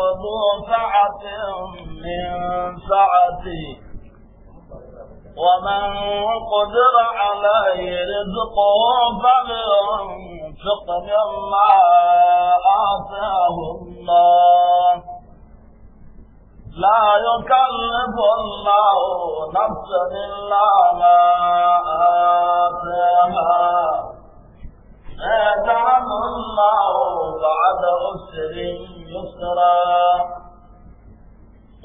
ذو سعة من سعتي ومن قدر عليه رزقه فلينفق مما آتاه الله لا يكلف الله نفسا إلا ما آتاها سيجعل الله بعد أسر يسرا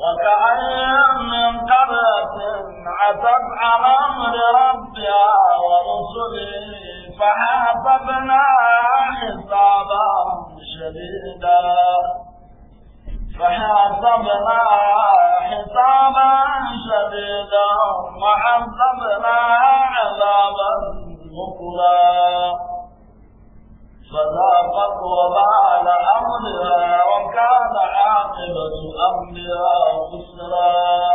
وكأي من قرية عتت عن أمر ربها ورسله فحاسبناها حسابا شديدا فحاسبناها حسابا شديدا وعذبناها عذابا نكرا فذاقت وبال أمرها وكان عاقبة أمرها خسرا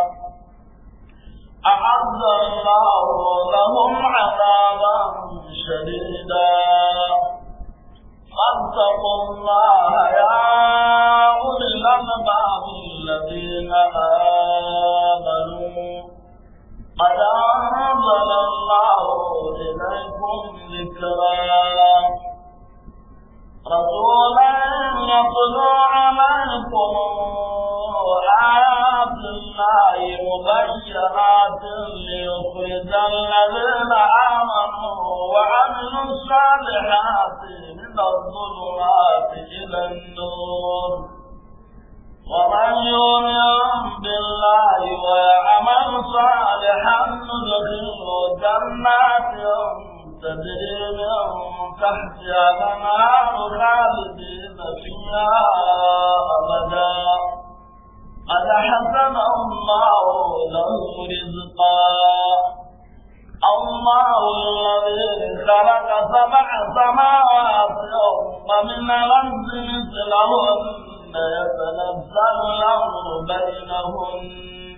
أعز الله لهم عذابا شديدا فاتقوا الله يا أولي الألباب الذين آمنوا قد أنزل الله إليكم ذكرا رسولا يتلو عملكم آيات الله مبشرات ليخرج الذين آمنوا وعملوا الصالحات من الظلمات إلى النور ومن يؤمن بالله ويعمل صالحا ندخله جنات تجري من تحتها الأنهار خالدين فيها أبدا قد حسن الله له رزقا الله الذي خلق سبع سماوات ومن الأرض مثلهن يتنزل الأمر بينهن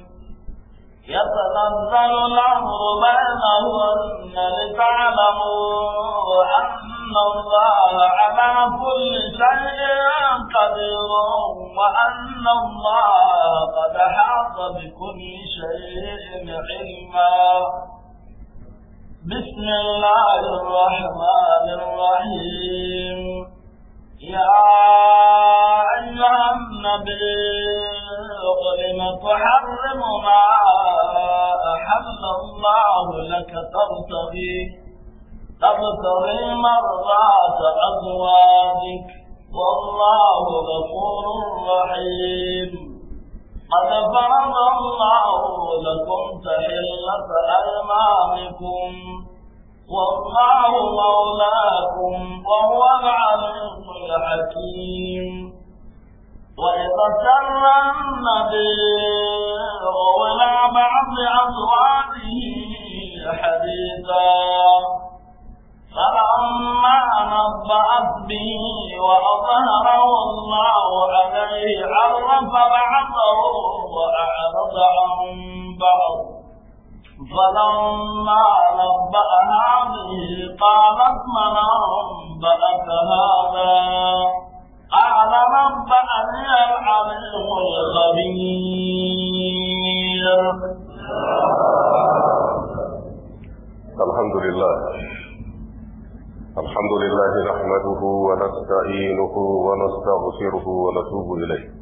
يتنزل الأمر بينهن لتعلموا أن الله على كل شيء قدير وأن الله قد أحاط بكل شيء علما بسم الله الرحمن الرحيم يا أيها النبي لم تحرم ما أحل الله لك ترتغي تبتغي مرضات أزواجك والله غفور رحيم قد فرض الله لكم تحلة أيمانكم والله مولاكم وهو العليم الحكيم وإذ سر النبي إلى بعض أزواجه حديثا فلما نبأت به وأظهره الله عليه عرف بعضه وأعرض عن بعض فلما نبأنا به قالت من أنبأك هذا قال نبأني العليم الخبير الحمد لله الحمد لله نحمده ونستعينه ونستغفره ونتوب إليه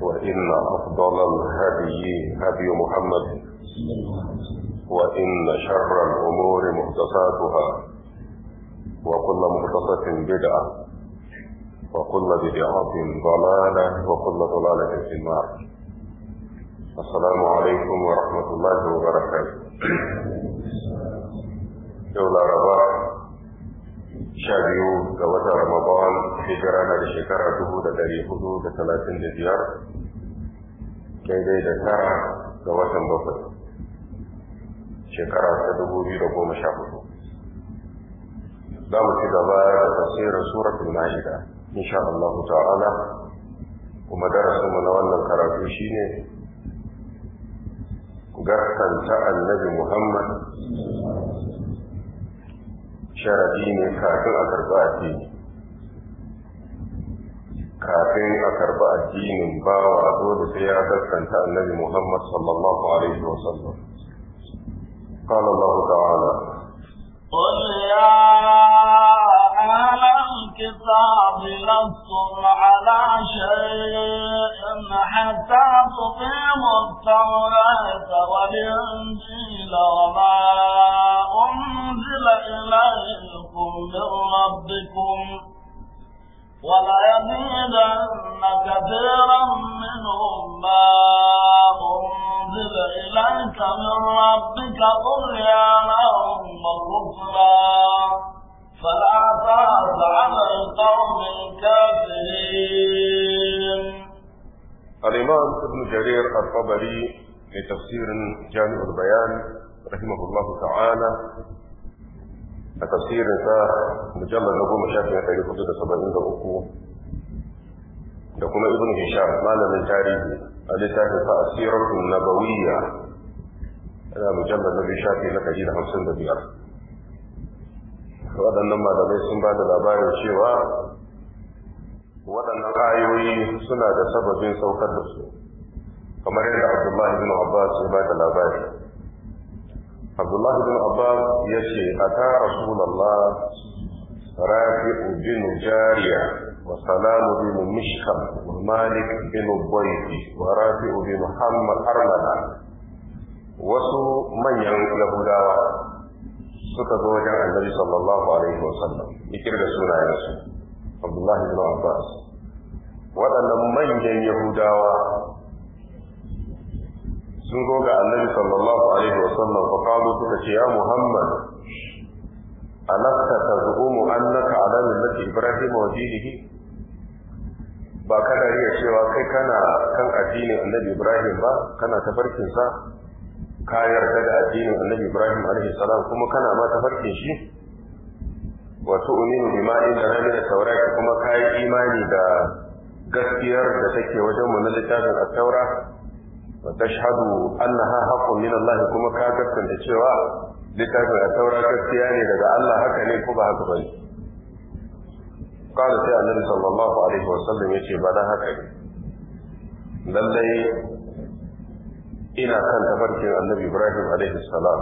وإن أفضل الهدي هدي محمد وإن شر الأمور محدثاتها وكل محدثة بدعة وكل بدعة ضلالة وكل ضلالة في النار السلام عليكم ورحمة الله وبركاته sha biyu ga watan Ramadan shekara na da shekara dubu da dari hudu da talatin da biyar daidai da tara ga watan bakwai shekara ta dubu biyu da goma sha hudu za mu ci gaba da tasirin suratul ma'ida insha allahu ta'ala kuma darasin mu na wannan karatu shine gaskanta annabi Muhammad sharadi ne kafin a karba addini kafin a karba addinin bawa dole sai ya gaskanta annabi muhammad sallallahu alaihi wa sallam قال الله تعالى قل يا أهل الكتاب لستم على شيء حتى تقيموا التوراة والإنجيل أنزل وما أنزل إليكم من ربكم ولا يزيدن كثيرا منهم ما أنزل إليك من ربك طغيانا وكفرا فلا تأس على القوم الكافرين الإمام ابن جرير الطبري في تفسير جامع البيان رحمه الله تعالى تفسير ذا مجلد نقول مشاكل في الكتب السبعين دوكو يقول ابن هشام ما لم يتعرف الاسلام تأثير النبوية هذا مجلد نبي شاكي لك جيد حسن دبيع وهذا النمى لدي بعد الأبار الشيوى وهذا النقايوي سنة سبب سوكت بسوء kamar yadda Abdullah ibn Abbas ya ba labari Abdullah ibn Abbas ya ce a ta Rasulullah Rafi'u bin Jariya wa Salamu bin Mishkam wa Malik bin Baiti wa Rafi'u bin Muhammad Armada wasu manyan Yahudawa suka zo wajen Annabi sallallahu alaihi wa wasallam ikir da sunayensu Abdullah ibn Abbas waɗannan manyan Yahudawa sun zo ga annabi sallallahu alaihi wa sallam fa qalu suka ce ya muhammad alaka tazumu annaka ala millati ibrahim wa dinihi ba ka da riya cewa kai kana kan addinin annabi ibrahim ba kana tafarkin sa ka yarda da addinin annabi ibrahim alaihi salam kuma kana ma tafarkin shi wa tu'minu bima inda rabbil tawrati kuma kai imani da gaskiyar da take wajen mu na littafin at-taura وتشهد أنها حق من الله كما كاكت تنتشوا لتاكل التوراة كالسياني لدى الله حكا لكم حق بني قال سيدنا النبي صلى الله عليه وسلم يشي بدا حكا للي ina kan tafarkin annabi Ibrahim alaihi salam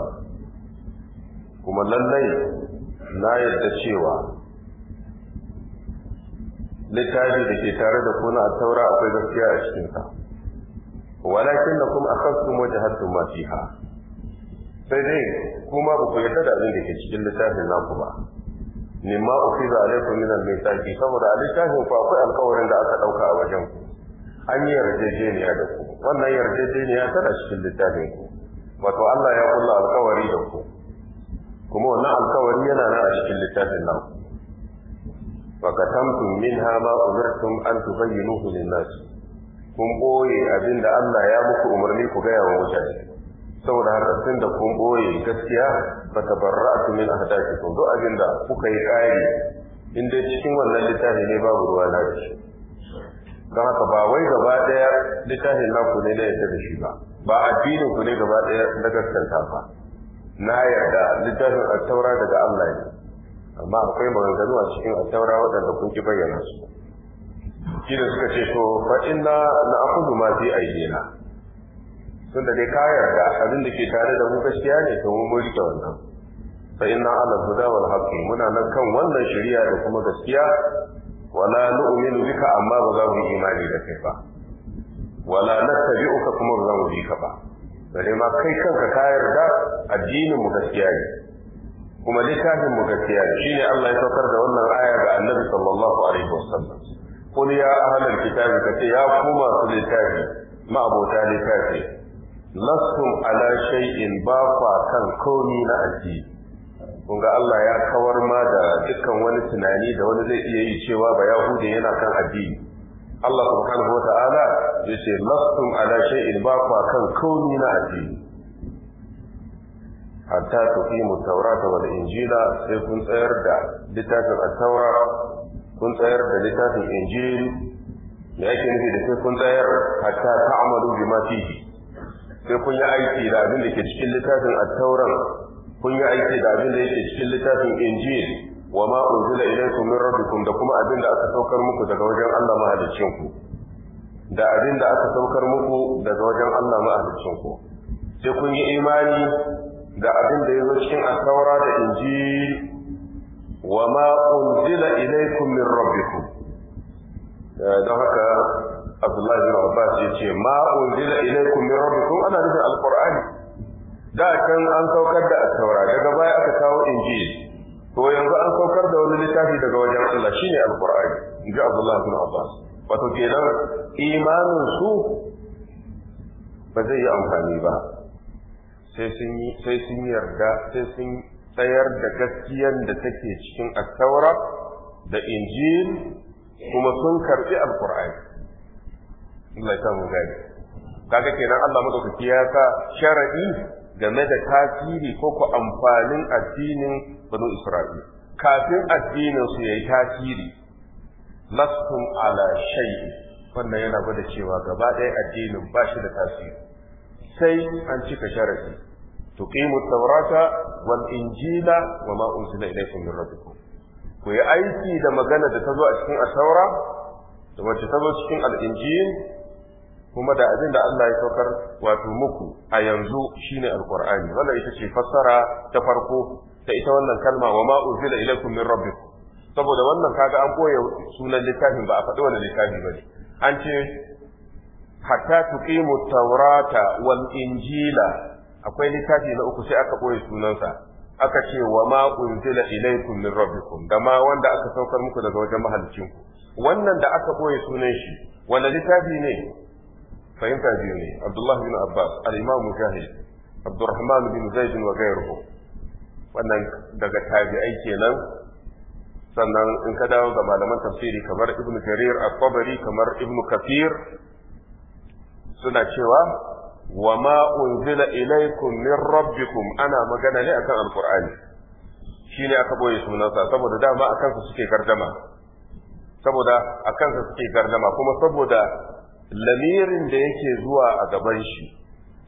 kuma lallai na yadda cewa littafi da ke tare da kuna a taura akwai gaskiya a cikinsa. walakin na kuma akhadtum wa hattun ma ha? sai dai kuma ba ku yi da abin da ke cikin littafin naku ba mimma ukhidha alaykum min al tsaki, saboda a littafin ku akwai alƙawarin da aka ɗauka a wajen ku an yi yarjejeniya da ku wannan yarjejeniya tana cikin littafin ku wato Allah ya kulla alƙawari da ku kuma wannan alƙawari yana nan a cikin littafin naku wa katamtum minha ma umirtum an tubayyinuhu lin-nas kun ɓoye abin da Allah ya muku umarni ku gaya wa mutane saboda har tun da kun ɓoye gaskiya ba ta barra min a hadaki kun abin da kuka yi ƙari in dai cikin wannan littafi ne babu ruwa na da shi don haka ba wai gaba ɗaya littafin naku ne na yadda da shi ba ba addinin ku ne gaba ɗaya na gaskanta ba na yarda littafin taura daga Allah ne amma akwai maganganu a cikin taura waɗanda kun ki bayyana su shi suka ce to fa inna na akudu ma fi aidina tun da dai ka yarda abin da ke tare da mu gaskiya ne to mun rike wannan fa inna ala huda wal haqqi muna nan kan wannan shari'a da kuma gaskiya wala nu'minu bika amma ba za mu yi imani da kai ba wala nattabi'uka kuma ba za mu bi ka ba bare ma kai kanka ka yarda addinin mu gaskiya ne kuma littafin mu gaskiya ne shine Allah ya saukar da wannan aya ga Annabi sallallahu alaihi wasallam قل يا أهل الكتاب كتي يا كما لتافي ما أبو تالي تافي لستم على شيء باقى كان كوني نأتي kunga Allah ya kawar ma da dukkan wani tunani da wani zai iya yi cewa ba Yahudi yana kan addini Allah subhanahu wata'ala ya ce lastum ala shay'in ba kwa kan kauni na addini hatta tuqimu tawrata wal injila sai kun tsayar da littafin at-taura kun tsayar da littafin injil da yake nufi da sai kun tsayar hatta ta'amalu bima fihi sai kun yi aiki da abin da ke cikin littafin at-tauran kun yi aiki da abin da yake cikin littafin injil wa ma unzila ilaykum min rabbikum da kuma abin da aka saukar muku daga wajen Allah mahaliccin ku da abin da aka saukar muku daga wajen Allah mahaliccin ku sai kun yi imani da abin da ya zo cikin at-taura da injil wa ma unzila ilaykum min rabbikum don haka Abdullahi bin Abbas ya ce ma unzila ilaykum min rabbikum ana nufin alqur'ani da kan an saukar da taura daga baya aka kawo injil to yanzu an saukar da wani littafi daga wajen Allah shine alqur'ani inji Abdullahi bin Abbas wato kenan imanin su ba zai yi amfani ba sai sun yarda sai sun tsayar da gaskiyar da take cikin attaura da injil kuma sun karbi alkur'ani Allah ya mu gani kaga kenan Allah madaukaki ya sa sharadi game da tasiri ko ko amfanin addinin banu Isra'il kafin addinin su yayi tasiri lastum ala shay'in wannan yana gwada cewa gaba ɗaya addinin ba shi da tasiri sai an cika sharadi tuqimu tawrata wal injila wa ma unzila ilaykum min rabbikum ku yi aiki da magana da ta zo a cikin at-taura da wacce ta zo cikin al kuma da abin da Allah ya saukar wato muku a yanzu shine Alkur'ani. wannan ita ce fassara ta farko ta ita wannan kalma wa ma unzila ilaykum min rabbikum saboda wannan kaga an koya sunan littafin ba a faɗi wani littafi ba ne an ce hatta tuqimu tawrata wal injila akwai littafi na uku sai aka ɓoye sunansa aka ce wa ma unzila ilaykum min rabbikum da ma wanda aka saukar muku daga wajen ku wannan da aka ɓoye sunan shi wanda littafi ne fahimta biyu ne abdullah bin abbas al-imam mujahid abdurrahman bin zaid wa ghayruhu wannan daga tabi'ai kenan sannan in ka dawo ga malaman tafsiri kamar ibnu jarir at-tabari kamar ibnu kafir suna cewa wa ma unzila min rabbikum ana magana ne akan alqur'ani shine aka boye sunansa saboda dama akan su suke gardama saboda akan su suke gardama kuma saboda lamirin da yake zuwa a gaban shi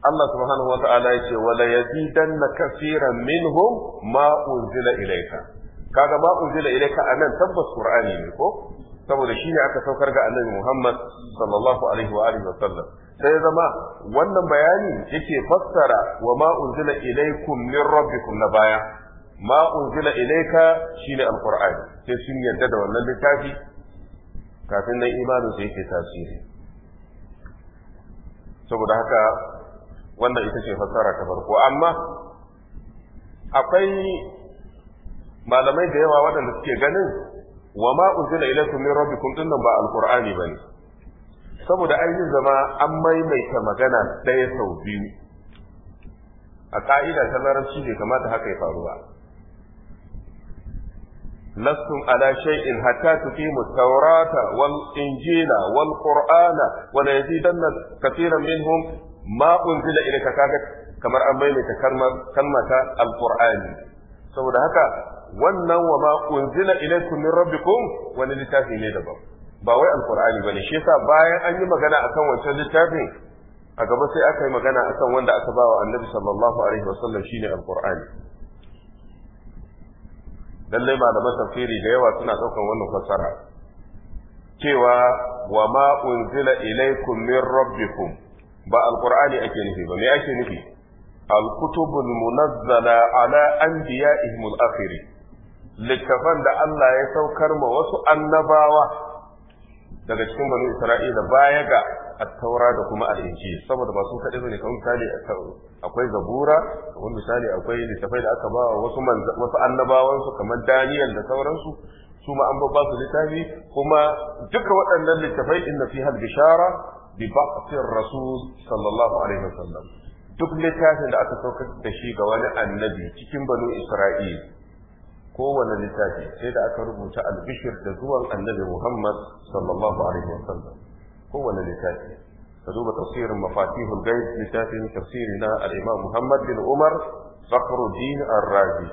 Allah subhanahu wa ta'ala ya ce wala yazidanna kaseeran minhum ma unzila ilayka kaga ma unzila ilayka anan tabbas qur'ani ne ko saboda shine aka saukar ga annabi Muhammad sallallahu alaihi wa alihi wa sallam sai zama wannan bayani yake fassara wa ma unzila ilaikum min rabbikum na baya ma unzila ilaika shine alqur'ani sai sun yarda da wannan littafi kafin nan imanin sai yake tasiri saboda haka wannan ita ce fassara ta farko amma akwai malamai da yawa waɗanda suke ganin wa ma unzila ilaikum min rabbikum dinnan ba alqur'ani bane saboda an yi zama an maimaita magana ɗaya sau biyu a ƙa'ida ta larabci bai kamata haka ya faru ba tuqimu tawrata wal injila wal qur'ana, wa la yazidanna كثيرا minhum ma unzila ilayka kaga kamar an maimaita kalma ta alqur'ani saboda haka wannan wa ma unzila ilaykum min rabbikum wani littafi ne daban ba wai alkur'ani bane shi yasa bayan an yi magana akan wancan littafin a gaba sai aka yi magana akan wanda aka ba wa annabi sallallahu alaihi wasallam shine alkur'ani lallai malaman tafsiri da yawa suna ɗaukar wannan fassara cewa wa ma unzila ilaikum min rabbikum ba alkur'ani ake nufi ba me ake nufi alkutubul munazzala ala anbiya'ihim al-akhirin littafan da Allah ya saukar ma wasu annabawa daga cikin banu isra'ila baya ga at-taura da kuma al-injil saboda ba su kaɗai bane kamar misali akwai zabura kamar misali akwai littafai da aka ba wasu wasu annabawan su kamar daniyal da sauransu su ma an babba su littafi kuma duka waɗannan littafai na fi hal bishara bi ba'thir rasul sallallahu alaihi wasallam duk littafin da aka saukar da shi ga wani annabi cikin banu isra'ila kowane littafi sai da aka rubuta albishir da zuwan annabi Muhammad sallallahu alaihi wasallam kowane littafi ka duba tafsirin mafatihul ghaib littafin tafsiri na al-Imam Muhammad bin Umar Fakhruddin Ar-Razi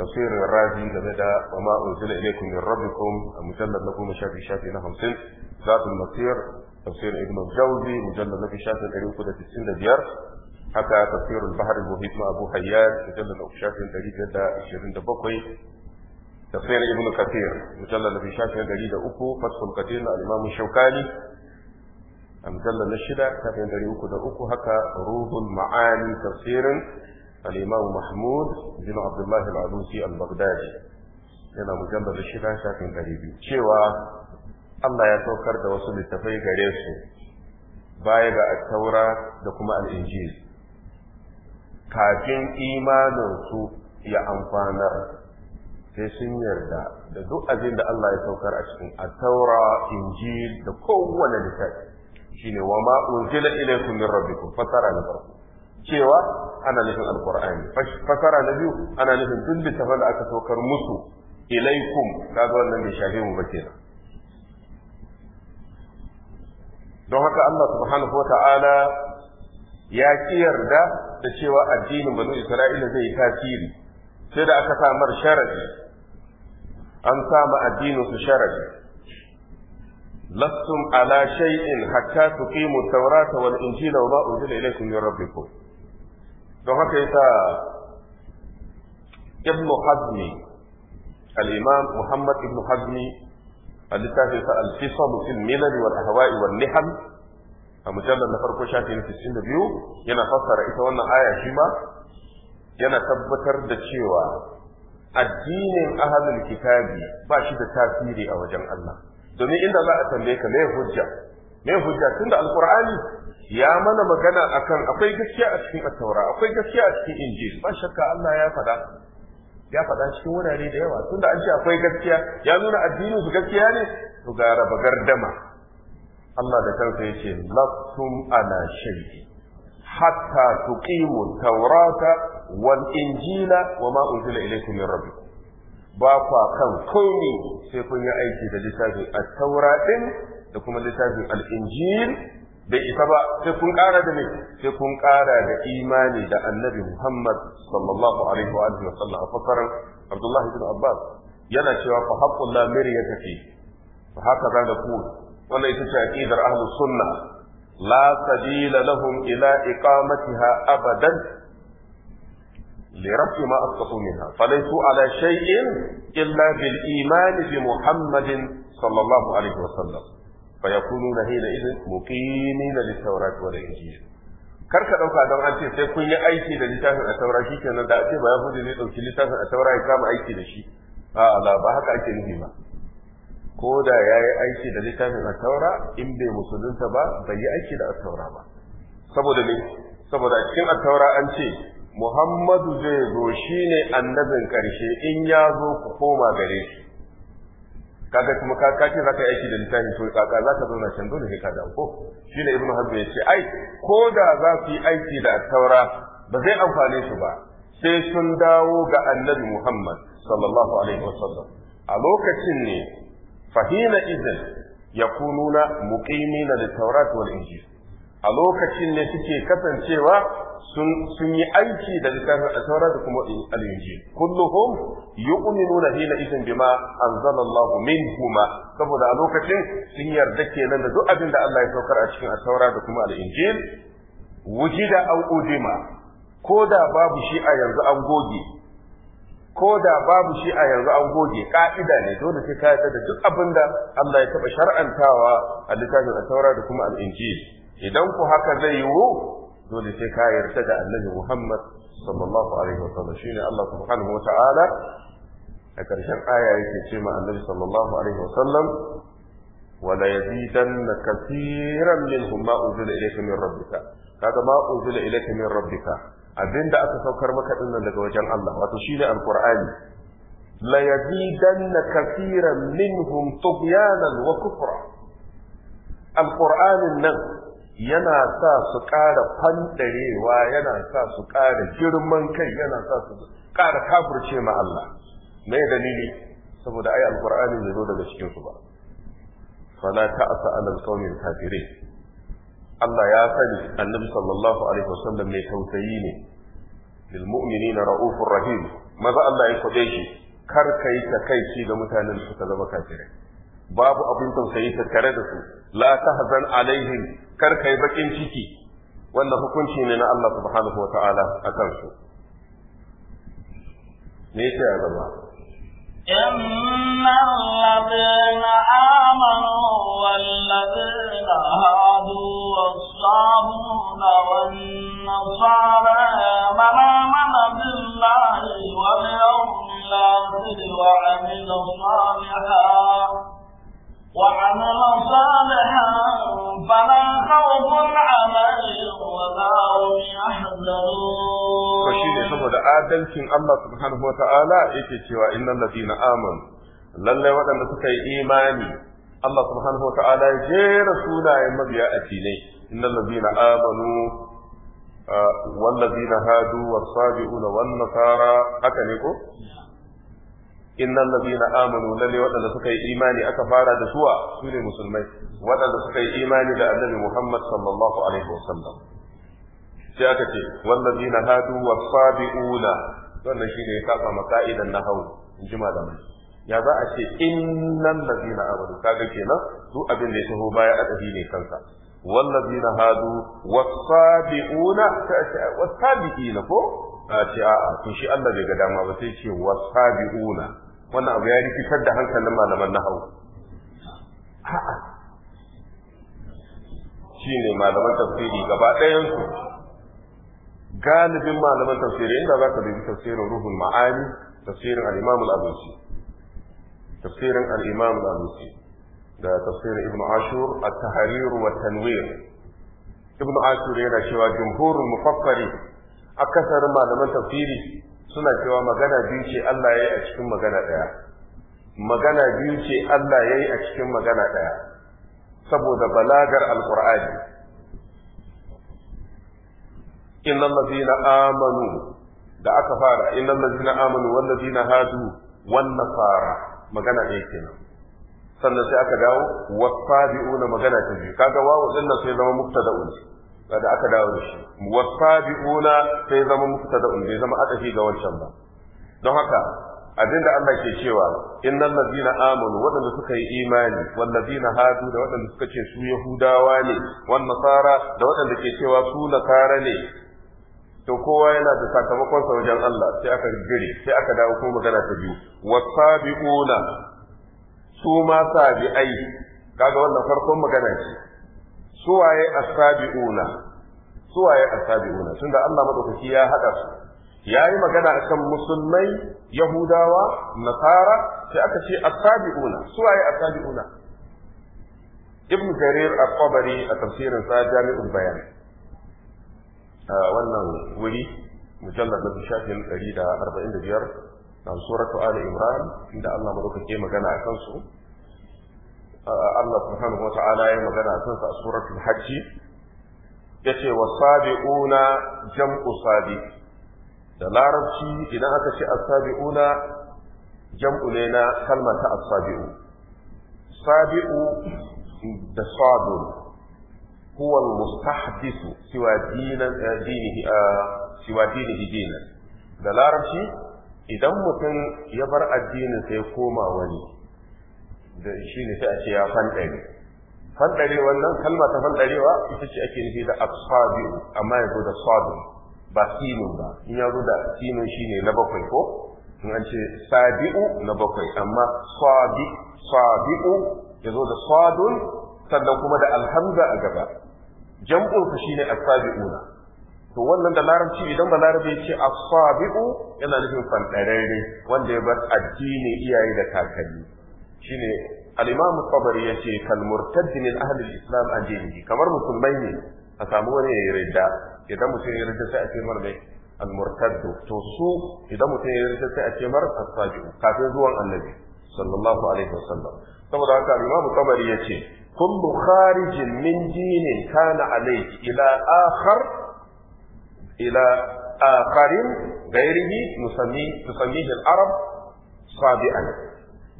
tafsirin Razi game da wa ma unzila ilaykum min rabbikum mujallad na goma shafi shafi na 50 zatul masir tafsir Ibn Jawzi mujallad na shafi haka tafsirul bahar al-muhit ma abu hayyan mujallal na shafin 527 tafsir ibn kathir mujallal da shafin 103 fathul kathir na al-imam shaukani mujallal na shida shafin 303 haka ruhul ma'ani tafsirin al-imam mahmud bin abdullah al-alusi al-baghdadi yana mujallal da shida shafin 200 cewa Allah ya saukar da wasu littafai gare su baya ga at-taura da kuma al-injil kafin imaninsu ya amfanar sai sun yarda da duk abin da Allah ya saukar a cikin at-taura injil da kowane littafi shine wa ma unzila ilaykum min rabbikum fasara na farko cewa ana nufin alqur'ani fasara na biyu ana nufin duk littafin da aka saukar musu ilaykum kaga wannan bai shafe mu ba kenan don haka Allah subhanahu wa ya ki yarda da cewa addinin banu isra'ila zai yi tasiri sai da aka samar sharadi an sama addinin su sharadi lastum ala shay'in hatta tuqimu tawrata wal injila wa ma unzila ilaykum min rabbikum don haka yasa ibn hazmi al-imam muhammad ibn hazmi a littafinsa al-fisal fil milal wal a mujallar na farko shafi na 62 yana fassara ita wannan aya shi ma yana tabbatar da cewa addinin ahlul kitabi ba shi da tasiri a wajen Allah domin inda za a tambaye ka me hujja me hujja tunda alqur'ani ya mana magana akan akwai gaskiya a cikin at-taura akwai gaskiya a cikin injil ba shakka Allah ya faɗa ya faɗa cikin wurare da yawa tunda an ce akwai gaskiya ya nuna addinin su gaskiya ne to ga raba dama. Allah da kansa yace lastum ala shay'in hatta tuqimu taurata wal injila wama unzila ilaykum min rabbikum ba kwa kan komi sai kun yi aiki da littafin at-taura din da kuma littafin al-injil da ita ba sai kun ƙara da me sai kun ƙara da imani da annabi Muhammad sallallahu alaihi wa alihi wa sallam fakaran Abdullahi ibn Abbas yana cewa fa haqqul la mirya tafi fa haka za da ku wanda ita ce aqidar ahlus sunna la sabila lahum ila iqamatiha abadan لرفع ما أسقطوا منها فليسوا على شيء إلا بالإيمان بمحمد صلى الله عليه وسلم فيكونون حينئذ مقيمين للتوراة والإنجيل kar ka ɗauka don an ce sai kun yi aiki da littafin a taura shi kenan da a ce ba yahudi zai ɗauki littafin a taura ya kama aiki da shi a'a ba haka ake nufi ba ko da ya yi aiki da littafin attaura in bai musulunta ba bai yi aiki da attaura ba saboda ne saboda cikin attaura an ce muhammadu zai zo shi ne annabin ƙarshe in ya zo ku koma gare shi kaga kuma ka kace zaka yi aiki da littafin to kaka zaka zauna can dole sai ka dawo ko shi ne ibnu hazm ya ce ai ko da za su yi aiki da attaura ba zai amfane su ba sai sun dawo ga annabi muhammad sallallahu alaihi wasallam a lokacin ne fahina izin yakununa muqimina lit-taurat wal-injil a lokacin ne suke kasancewa sun yi aiki da littafin al-taura da kuma al-injil kulluhum yu'minuna hina izin bima anzalallahu minhuma saboda a lokacin sun yarda kenan da duk abin da Allah ya saukar a cikin al-taura kuma al-injil wujida aw ko da babu shi a yanzu an goge ko da babu shi a yanzu an goge ka'ida ne dole sai ka yarda da duk abin da Allah ya taɓa shar'antawa a littafin Taura da kuma al-Injil idan ku haka zai yiwu dole sai ka yarda da Annabi Muhammad sallallahu alaihi wasallam shine Allah subhanahu wata'ala a ƙarshen aya yake ce ma Annabi sallallahu alaihi wasallam wala yazidanna katiran minhum ma unzila ilayka min rabbika kaga ma unzila ilayka min rabbika abinda aka saukar maka din nan daga wajen Allah wato shine alqur'ani la na kaseeran minhum tughyanan wa kufra alqur'anin nan yana sa su ƙara fandarewa yana sa su ƙara girman kai yana sa su ƙara kafurce ma Allah me dalili saboda ai alqur'ani bai zo daga cikin su ba fala ta'sa alal qawmil kafirin Allah ya sani annabi sallallahu alaihi wasallam mai tausayi ne lil mu'minina ra'ufur rahim maza Allah ya kwabe shi kar kai takaici ga mutanen da suka zama kafirai babu abin tausayi tattare da su la tahzan alaihim kar kai bakin ciki wannan hukunci ne na Allah subhanahu wa ta'ala akan su me yake a gaba إن الذين آمنوا والذين هادوا والصابون والنصارى من آمن بالله واليوم الآخر وعمل صالحا وعمل صالحا فلا خوف عليهم ولا هم يحزنون فشيني saboda adalcin Allah subhanahu wa ta'ala yake cewa innal ladina amanu lallai waɗanda suka yi imani Allah subhanahu wa ta'ala ya jera sunayen mabiya addinai innal ladina amanu ah, wal ladina hadu was sabiuna wan nasara haka ne ko innal ladina amanu lalle waɗanda suka yi imani aka fara da suwa su ne musulmai waɗanda suka yi imani da annabi Muhammad sallallahu alaihi wasallam sai aka ce wallazina hadu wasabiuna wannan shine ya saba maka'idan nahawu in ji malamai ya za a ce innal ladina amanu kaga kenan duk abin da ya taho baya a tafi ne kansa wallazina hadu wasabiuna wasabiina ko a ce a'a to shi Allah bai ga dama ba sai ce wasabiuna wannan abu ya rikitar da hankalin malaman Ha'a, a'a shine malaman tafsiri gaba ɗayan su galibin malaman tafsiri inda za ka dubi tafsirin ruhul ma'ani tafsirin al-imam al-abusi tafsirin al-imam al-abusi da tafsirin ibnu ashur at-tahrir wa tanwir ibnu ashur yana cewa jumhurul mufakkari kasar malaman tafsiri suna cewa magana biyu ce Allah ya yi a cikin magana ɗaya magana biyu ce Allah ya yi a cikin magana ɗaya saboda balagar alƙur'ani innal ladina amanu da aka fara innal ladina amanu wal ladina hadu wan nasara magana ɗaya kenan sannan sai aka dawo wasabi'una magana ta biyu kaga wawa dinnan sai zama mubtada'un da aka dawo da shi wasabi'una sai zama mubtada'un bai zama adafi ga wancan ba don haka abinda Allah ke cewa innal ladina amanu wadanda suka yi imani wal ladina hadu da wadanda suka ce su yahudawa ne wan nasara da wadanda ke cewa su nasara ne to kowa yana da sakamakon sa wajen Allah sai aka gire sai aka dawo kuma magana ta biyu wasabi'una su ma sabi'ai kaga wannan farkon magana ce suwaye asabi'una suwaye asabi'una tunda Allah madaukaki ya hada su yayi magana akan musulmai yahudawa nasara sai aka ce asabi'una suwaye asabi'una ibn jarir at-tabari a tafsirin sa jami'ul bayan wannan wuri mujallad da shafin 145 na suratu ali imran inda Allah madaukaki magana akan su Allah subhanahu wa ta'ala ya magana kan sa suratul hajj yace wasabiuna jam'u sabi da larabci idan aka ce asabiuna jam'u ne na kalmar ta asabiu sabiu da sadun huwa almustahdithu siwa dinan eh, dinihi eh, siwa dinihi dinan da larabci idan mutum ya bar addinin sai koma wani da shi ne sai a ce ya fanɗare fanɗare wannan kalma ta fanɗarewa ita ce ake nufi da asfabi amma ya zo da sabi ba sino ba in ya zo da sino shi ne na bakwai ko in an ce sabi'u na bakwai amma sabi sabi'u ya zo da sadun sannan kuma da alhamza a gaba jam'unsa shi ne na to wannan da larabci idan ba larabci ce asabi'u yana nufin fanɗararre wanda ya bar addini iyaye da kakanni shine al-imam tabari yace kal murtadd min ahli al-islam an dinihi kamar musulmai ne a samu wani ya yarda idan mutum ya yarda sai a ce mar mai al-murtadd to su idan mutum ya yarda sai a ce mar as-sabiq kafin zuwan annabi sallallahu alaihi wasallam saboda haka al-imam tabari yace kullu kharijin min dinin kana alayhi ila akhar ila akharin gairihi musammi tusammihi al-arab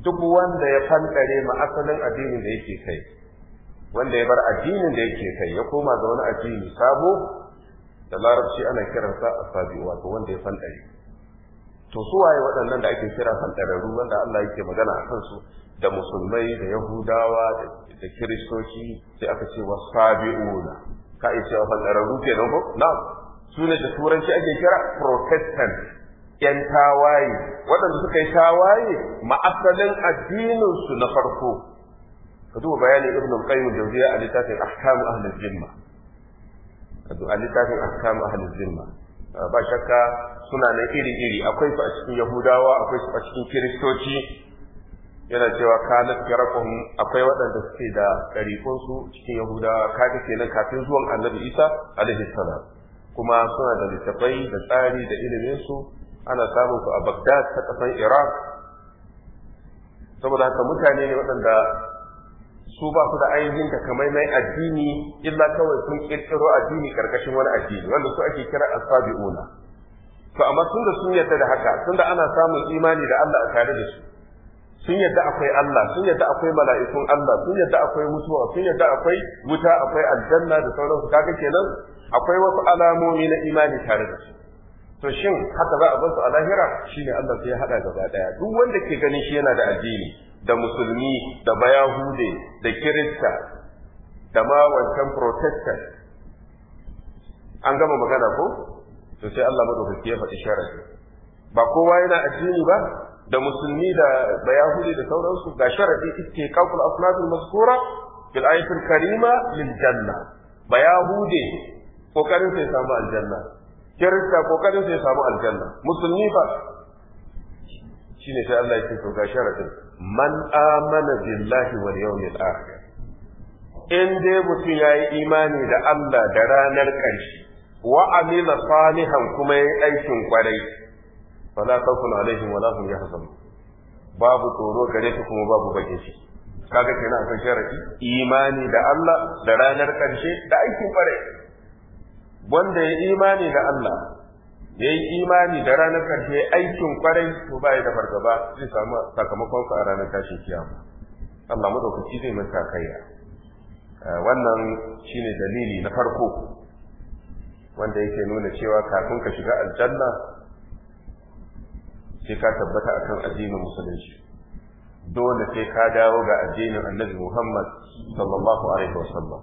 duk wanda ya fankare ma asalin addinin da yake kai wanda ya bar addinin da yake kai ya koma ga wani addini sabo da larabci ana kiransa asabi wato wanda ya fankare to su waye waɗannan da ake kira fantararru wanda Allah yake magana a kansu da musulmai da yahudawa da kiristoci sai aka ce wasabi'una ka iya cewa fantararru kenan ko na'am sune da turanci ake kira protestant 'yan tawaye waɗanda suka yi tawaye ma'asalin addininsu na farko ka duba bayanin ibn al-qayyim jawziya a littafin ahkamu ahlul jimma a littafin ahkamu ahlul jimma ah, ba shakka suna nan iri-iri akwai su a cikin yahudawa akwai su a cikin kiristoci yana cewa kanat firaqum akwai waɗanda suke da ɗariƙun su cikin yahudawa Ka ga kenan kafin zuwan annabi isa alaihi salam kuma suna da littafai da tsari da ilimin su ana samun su a Baghdad ta kasan Iraq saboda haka mutane ne waɗanda su ba su da ainihin takamaimai addini illa kawai sun kirkiro addini karkashin wani addini wanda su ake kira asabi'una to amma tun da sun yadda da haka tun da ana samun imani da Allah a tare da su sun yadda akwai Allah sun yadda akwai mala'ikun Allah sun yadda akwai mutuwa sun yadda akwai wuta akwai aljanna da sauransu kaga kenan akwai wasu alamomi na imani tare da su to shin haka za a bar su a lahira shine Allah sai ya hada gaba daya duk wanda ke ganin shi yana da addini da musulmi da bayahude da kirista da ma wancan protestant an gama magana ko to sai Allah madaukaki ya faɗi sharadi ba kowa yana addini ba da musulmi da bayahude da sauransu ga sharadi iske kaful aflatul mazkura bil ayatul karima lil janna bayahude kokarin sai samu aljanna kirista kokarin sai samu aljanna musulmi ba shine sai Allah yake ce to ga sharadin man amana billahi wal yawmil akhir in dai mutum ya yi imani da Allah da ranar ƙarshe wa amila salihan kuma ya yi aikin kwarai fala khawfun alaihim la hum yahzan babu tsoro gare ka kuma babu bakin shi kaga kenan akan sharadi imani da Allah da ranar ƙarshe da aikin kwarai wanda ya imani da Allah ya yi imani da ranar karshe, aikin kwarai to ba da fargaba zai samu sakamakon a ranar tashin kiyama Allah madaukaki zai mai kakaiya eh, wannan shine dalili na farko wanda yake nuna cewa kafin ka shiga aljanna sai ka tabbata akan addinin musulunci dole sai ka dawo ga addinin annabi Muhammad sallallahu alaihi wasallam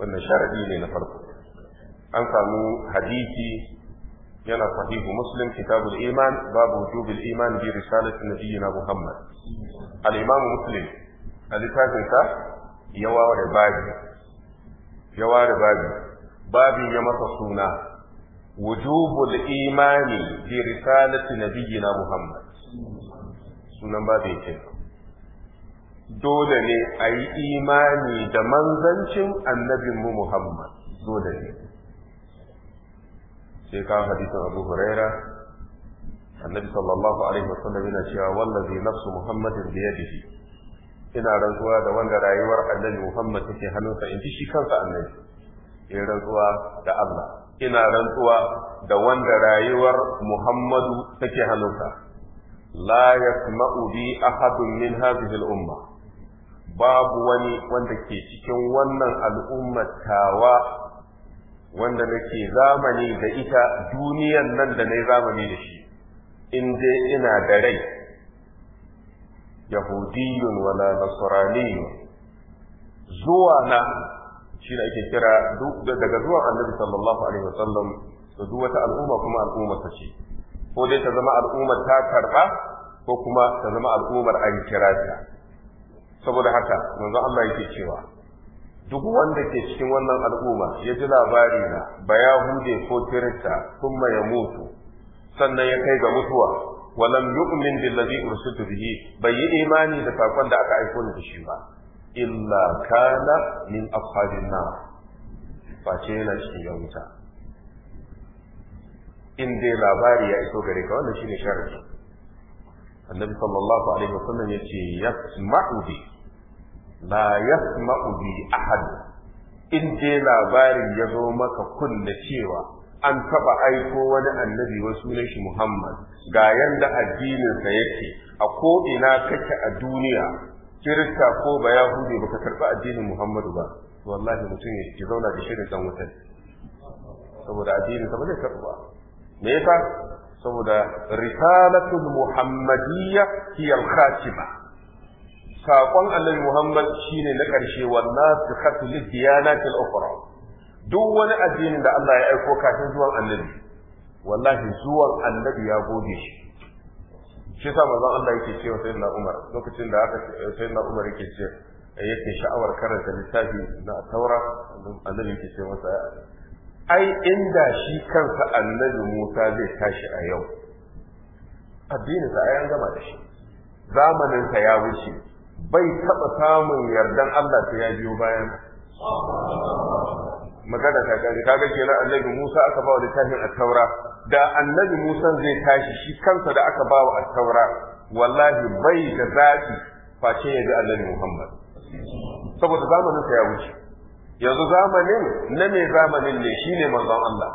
wannan sharadi ne na farko an samu hadisi yana sahihu muslim kitabul iman babu wujubil iman bi risalati nabiyina muhammad al imam muslim a littafin sa ya ware babi ya ware babi babin ya masa suna wujubul imani bi risalati nabiyina muhammad sunan babin kenan dole ne a yi imani da manzancin annabinmu Muhammad dole ne sai kan hadisin abu huraira annabi sallallahu alaihi wasallam yana cewa wallazi nafsu muhammadin bi yadihi ina rantsuwa da wanda rayuwar annabi muhammad take hannunsa in ji shi kansa annabi in rantsuwa da Allah ina rantsuwa da wanda rayuwar muhammadu take hannunsa la yasma'u bi ahadun min hadhihi al-umma babu wani wanda ke cikin wannan al'ummar tawa wanda nake zamani da ita duniyar nan da nayi zamani da shi in dai ina da rai Yahudiyun wala nasraniyyun zuwa na shi da ake kira daga zuwan annabi sallallahu alaihi wasallam da duk wata al'umma kuma al'umma ta ce ko dai ta zama al'umma ta karba ko kuma ta zama al'ummar an kira ta saboda haka manzo Allah yake cewa duk wanda ke cikin wannan al'umma ya ji labari na ba ya hude ko kirista sun ya mutu sannan ya kai ga mutuwa walam yu'min billazi ursitu bihi bai yi imani da sakon da aka aiko ni da shi ba illa kana min ashabin nar ce yana cikin ya wuta in dai labari ya iso gare ka wannan shine sharri annabi sallallahu alaihi wasallam yace yasma'u bihi la yasma'u bi ahad in dai labarin ya zo maka kunna cewa an taba aiko wani annabi wa sunan shi Muhammad ga yanda addinin sa yake a ko ina kake a duniya kirista ko ba yahudi baka karba addinin Muhammadu ba wallahi mutum ya zauna da shirin dan wutar saboda addinin sa ba zai karba me yasa saboda risalatul muhammadiyya hiya al khatibah saƙon annabi Muhammad shine na ƙarshe wannan su khatu liddiyanati ke ukhra duk wani addini da Allah ya aiko kafin zuwan annabi wallahi zuwan annabi ya gode shi shi sa mazan Allah yake cewa sayyidina Umar lokacin da aka sayyidina Umar yake ce eh, yake sha'awar karanta littafi na Taura annabi yake ce masa ya. ai inda shi kansa annabi Musa zai tashi a yau addinin sa ai an gama da shi zamanin sa ya wuce bai taɓa samun yardan Allah ta ya biyo bayan magana ta gari kaga kenan annabi Musa aka ba wa littafin at-taura da annabi Musa zai tashi shi kansa da aka ba wa at-taura wallahi bai da zaki face ya ga annabi Muhammad saboda zamanin sa ya wuce yanzu zamanin na ne zamanin ne shine manzon Allah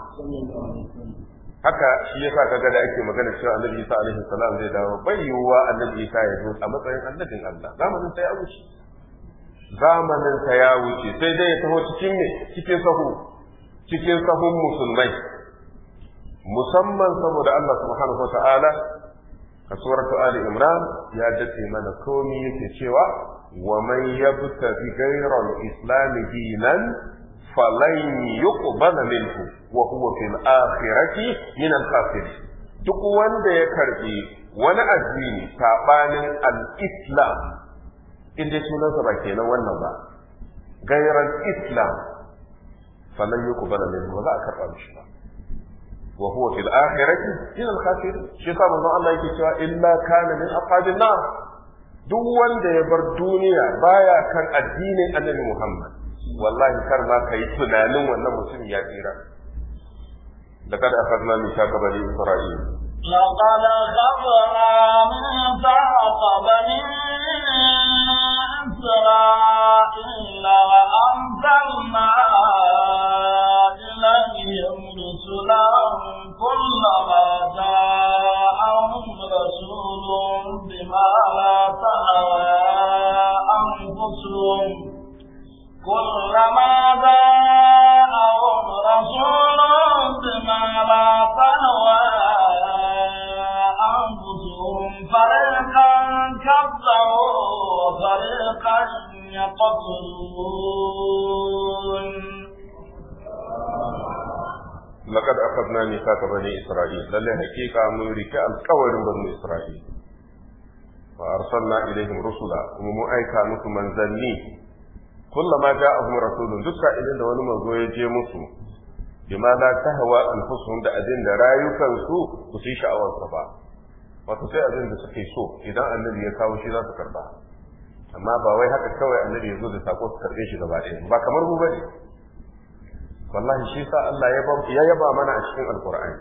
haka shi yasa kaga da ake magana cewa annabi Isa alaihi salam zai dawo bai yiwuwa annabi Isa ya zo a matsayin annabin Allah zamanin sai ya wuce zamanin sa ya wuce sai dai ya taho cikin ne cikin sahu cikin sahun musulmai musamman saboda Allah subhanahu wata'ala a suratu Ali Imran ya dace mana komi yake cewa wa man yabtaghi ghayra al-islam dinan falan yuqbala minhu wa huwa fil akhirati min al duk wanda ya karbi wani addini sabanin al-islam In dai sunansa ba kenan wannan ba gairan islam falan yuqbala minhu ba za a karba mishi ba wa huwa fil akhirati min al-khasirin shi yasa manzon Allah yake cewa illa kana min aqabin nar duk wanda ya bar duniya baya kan addinin annabi Muhammad wallahi kar ma kai tunanin wannan mutum ya tsira لقد أخذنا ميثاق بني إسرائيل لقد أخذنا ميثاق بني إسرائيل وأنزلنا إليهم رسلا كلما جاءهم رسول بما لا تهوى أنفسهم رسول أنفسهم فريقا وفريقا لقد أخذنا ميثاق بني إسرائيل لله حقيقة أمريكا الكور بني إسرائيل وأرسلنا إليهم رسلا ومؤيكا نكم منزلين ma kullama ja'ahum rasulun duka, idan da wani manzo ya je musu bima la tahwa anfusuhum da abin da rayukan su ba su yi sha'awar sa ba wato sai abin da suke so idan annabi ya kawo shi za su karba amma ba wai haka kawai annabi ya zo da sako su karbe shi gaba ɗaya ba kamar mu bane wallahi shi sa Allah ya yaba mana a cikin alqur'ani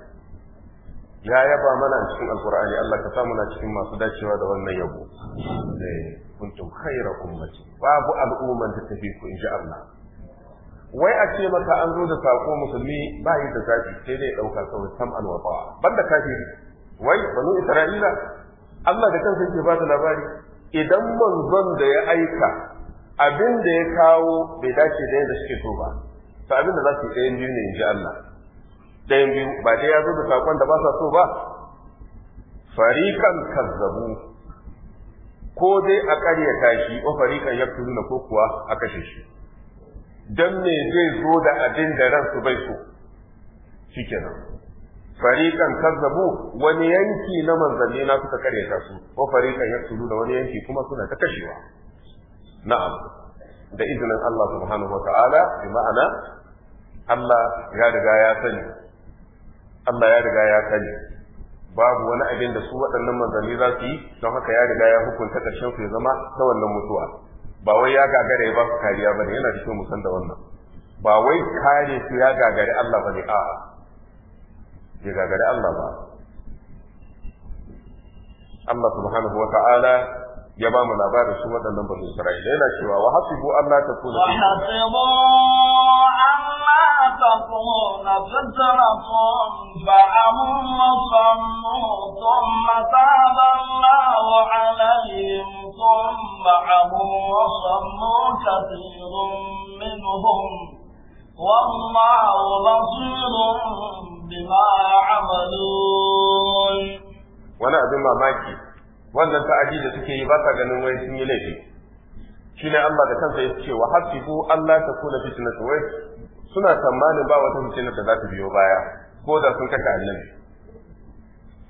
ya yaba mana cikin alkur'ani Allah ka samu na cikin masu dacewa da wannan yabo eh, kuntum khaira ummati babu al'umman da tafi ku insha Allah wai a ce maka an zo da sako musulmi ba yi da zaki sai dai dauka kawai sam al wafa banda kafiri wai banu isra'ila Allah da kansa yake ba da labari idan manzon da ya aika abin da ya kawo bai dace da yadda suke so ba to abin da za su yi ɗayan biyu ne insha Allah ɗayan biyu ba dai ya zo da sakon da ba sa so ba farikan kazzabu ko dai a ta shi wa farikan yaktuluna ko kuwa a kashe shi dan me zai zo da abin da ransu bai so shikenan farikan kazzabu wani yanki na manzanni na suka karyata su wa farikan yaktuluna wani yanki kuma suna ta kashewa na'am da izinin Allah subhanahu wa ta'ala bi ma'ana Allah ya riga ya sani Allah ya riga ya sani babu wani abin da su waɗannan manzanni za su yi don haka ya riga ya hukunta ƙarshen su ya zama ta wannan mutuwa ba wai ya gagare ya ba su kariya bane yana cikin musan da wannan ba wai kare su ya gagari Allah bane a'a ya gagari Allah ba Allah subhanahu wa ta'ala ya ba mu labarin su waɗannan bani Isra'ila yana cewa wa hasibu Allah ta kuna wa hasibu ألا تكون فتنة فأمم صموا ثم تاب الله عليهم ثم wani abin mamaki wannan ta'adi da suke yi ba sa ganin wai sun yi laifi ne Allah da kansa ya ce wa hasibu Allah ta kuna fitnatu wai suna tsammanin ba wata fitinar da za ta biyo baya ko da sun kashe annabi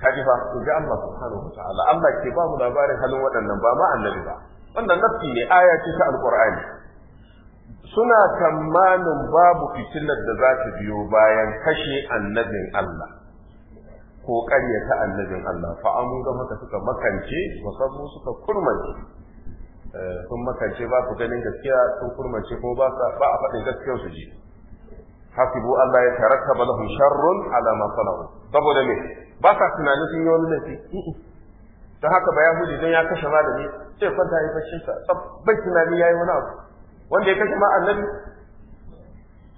kaji fa to ga Allah subhanahu wa ta'ala Allah ke ba mu labarin halin waɗannan ba ma annabi ba wannan nafsi ne aya ce ta alqur'ani suna tsammanin babu fitinar da za ta biyo bayan kashe annabin Allah ko ta annabin Allah fa amun ga maka suka makance sabu suka kurmace eh, sun makance ba su ganin gaskiya sun kurmace ko ba ba a faɗin gaskiyar su ji hasibu Allah ya tarattaba lahum sharrun ala ma sanahu saboda me ba sa tunanin sun yi wani laifi don haka ba yahudi don ya kashe malami sai kwanta yi bacci sa bai tunani yayi wani abu wanda ya kashe ma annabi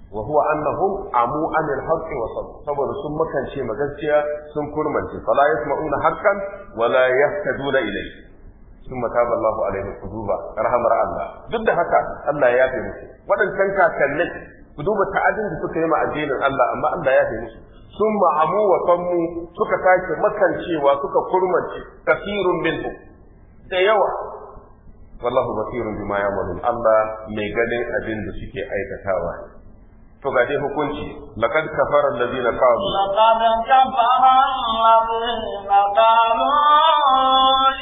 wa huwa annahum amu anil haqqi wa sab saboda sun makance ma gaskiya sun kurmance fala yasma'una haqqan wala yahtaduna ilayhi ثم تاب الله عليهم قلوبا رحمة الله ضد هكا الله يافي musu waɗancan kakannin ku duba ta'adin da suka yi ma addinin Allah amma Allah ya yi musu sun ma'amu wa fammu suka sake makancewa suka kurmace kafirun minhu. da yawa wallahu basirun bima ya'malun Allah mai ganin abin da suke aikatawa to ga dai hukunci laqad kafara alladhina qalu laqad kafara qalu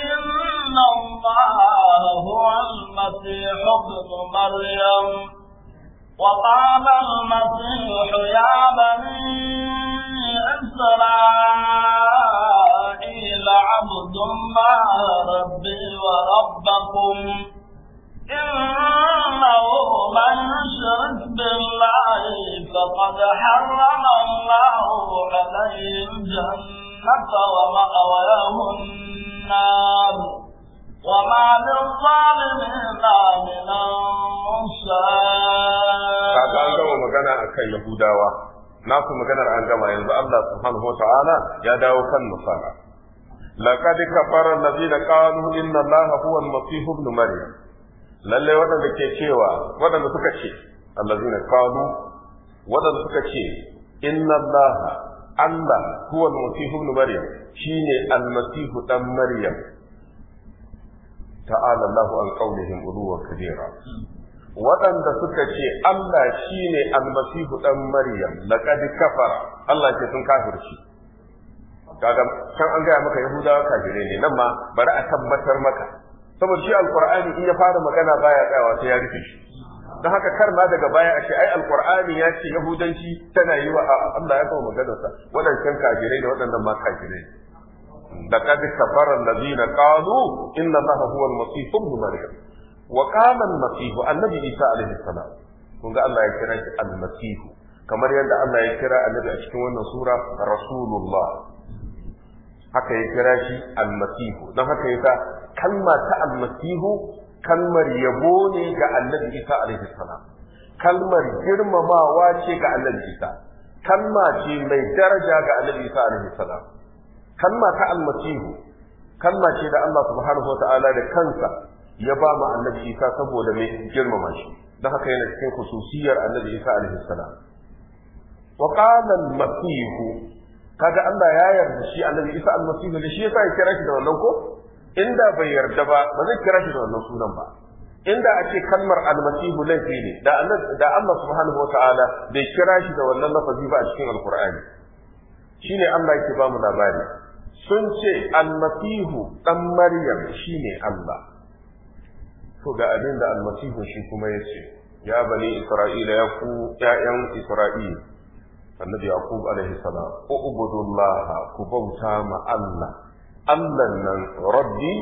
inna allaha huwa al-masih ibn maryam وقال المسيح يا بني إسرائيل عبد ما ربي وربكم إنه من يشرك بالله فقد حرم الله عليه الجنة ومأواه النار وما من an gama magana akan Yahudawa nasu maganar an gama yanzu Allah subhanahu ya dawo kan Nasara laqad kafara alladhina qalu inna Allaha huwa al-masih maryam lalle waɗanda ke cewa waɗanda suka ce alladhina qalu waɗanda suka ce inna Allaha Allah huwa al-masih ibn maryam shine al-masih dan maryam ta'ala waɗanda suka ce Allah ne almasihu dan maryam laqad kafara Allah ce sun kafirci kan an gaya maka yahudawa kafire ne nan ma bari a tabbatar maka saboda shi alqur'ani in ya fara magana baya tsayawa sai ya rufe shi don haka kar ma daga baya a ce ai alqur'ani ya ce yahudanci tana yi wa Allah ya kawo maganarsa waɗancan kafirai da waɗannan ma kafirai لقد كفر الذين قالوا na الله هو المسيح ابن مريم وقال المسيح annabi Isa alaihi salam kun ga Allah ya kira shi almasihu kamar yadda Allah ya kira annabi a cikin wannan sura rasulullah haka ya kira shi almasihu don haka ya sa kalma ta almasihu kalmar yabo ne ga annabi Isa alaihi salam kalmar girmamawa ce ga annabi Isa kalma ce mai daraja ga annabi Isa alaihi salam kalma ta almasihu kalma ce da Allah subhanahu wataala da kansa ya ba mu annabi Isa saboda mai girmama shi don haka yana cikin khususiyar annabi Isa alaihi salam wa qala almasihu kaga Allah ya yarda shi annabi Isa almasihu da shi yasa ya kira shi da wannan ko inda bai yarda ba ba zai kira shi da wannan sunan ba inda a ce kalmar almasihu laifi ne da Allah subhanahu wa ta'ala bai kira shi da wannan lafazi ba a cikin alkur'ani shine Allah yake ba mu labari sun ce almasihu ɗan maryam shine Allah to ga abin da almasihu shi kuma ya ce ya bani isra'ila ya ku ƴaƴan isra'ila annabi yaqub alaihi salam ubudullaha ku bauta ma Allah Allah nan rabbi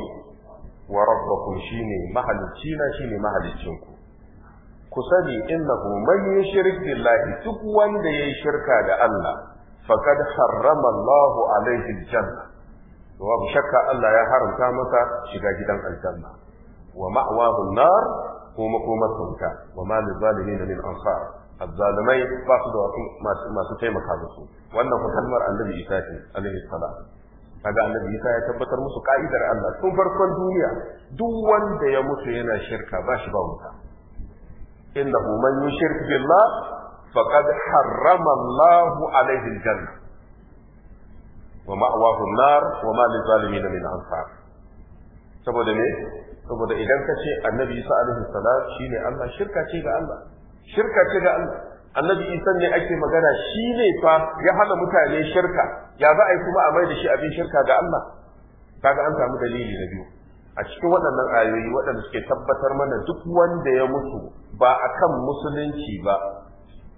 wa shi shine mahalicci na shine mahaliccinku ku sani innahu man yushrik billahi duk wanda yayi shirka da Allah faqad harrama Allahu alaihi aljanna wa shakka Allah ya haramta masa shiga gidan aljanna wa ma'wahu nar kuma kuma sauka wa ma lizalimin min ansar azzalimai ba su da wasu masu taimaka musu wannan ku kalmar annabi Isa ce alaihi salam kaga annabi Isa ya tabbatar musu ka'idar Allah tun farkon duniya duk wanda ya mutu yana shirka ba shi ba wuta innahu man yushrik billah faqad harrama Allahu alaihi aljanna wa ma'awahu nar wa ma lil zalimin min ansar saboda ne saboda idan ka ce annabi Isa alaihi salam shine Allah shirka ce ga Allah shirka ce ga Allah annabi Isa ne ake magana shi ne fa ya hana mutane shirka ya za a yi kuma a mai da shi abin shirka ga Allah kaga an samu dalili na biyu a cikin waɗannan ayoyi waɗanda suke tabbatar mana duk wanda ya mutu ba akan musulunci ba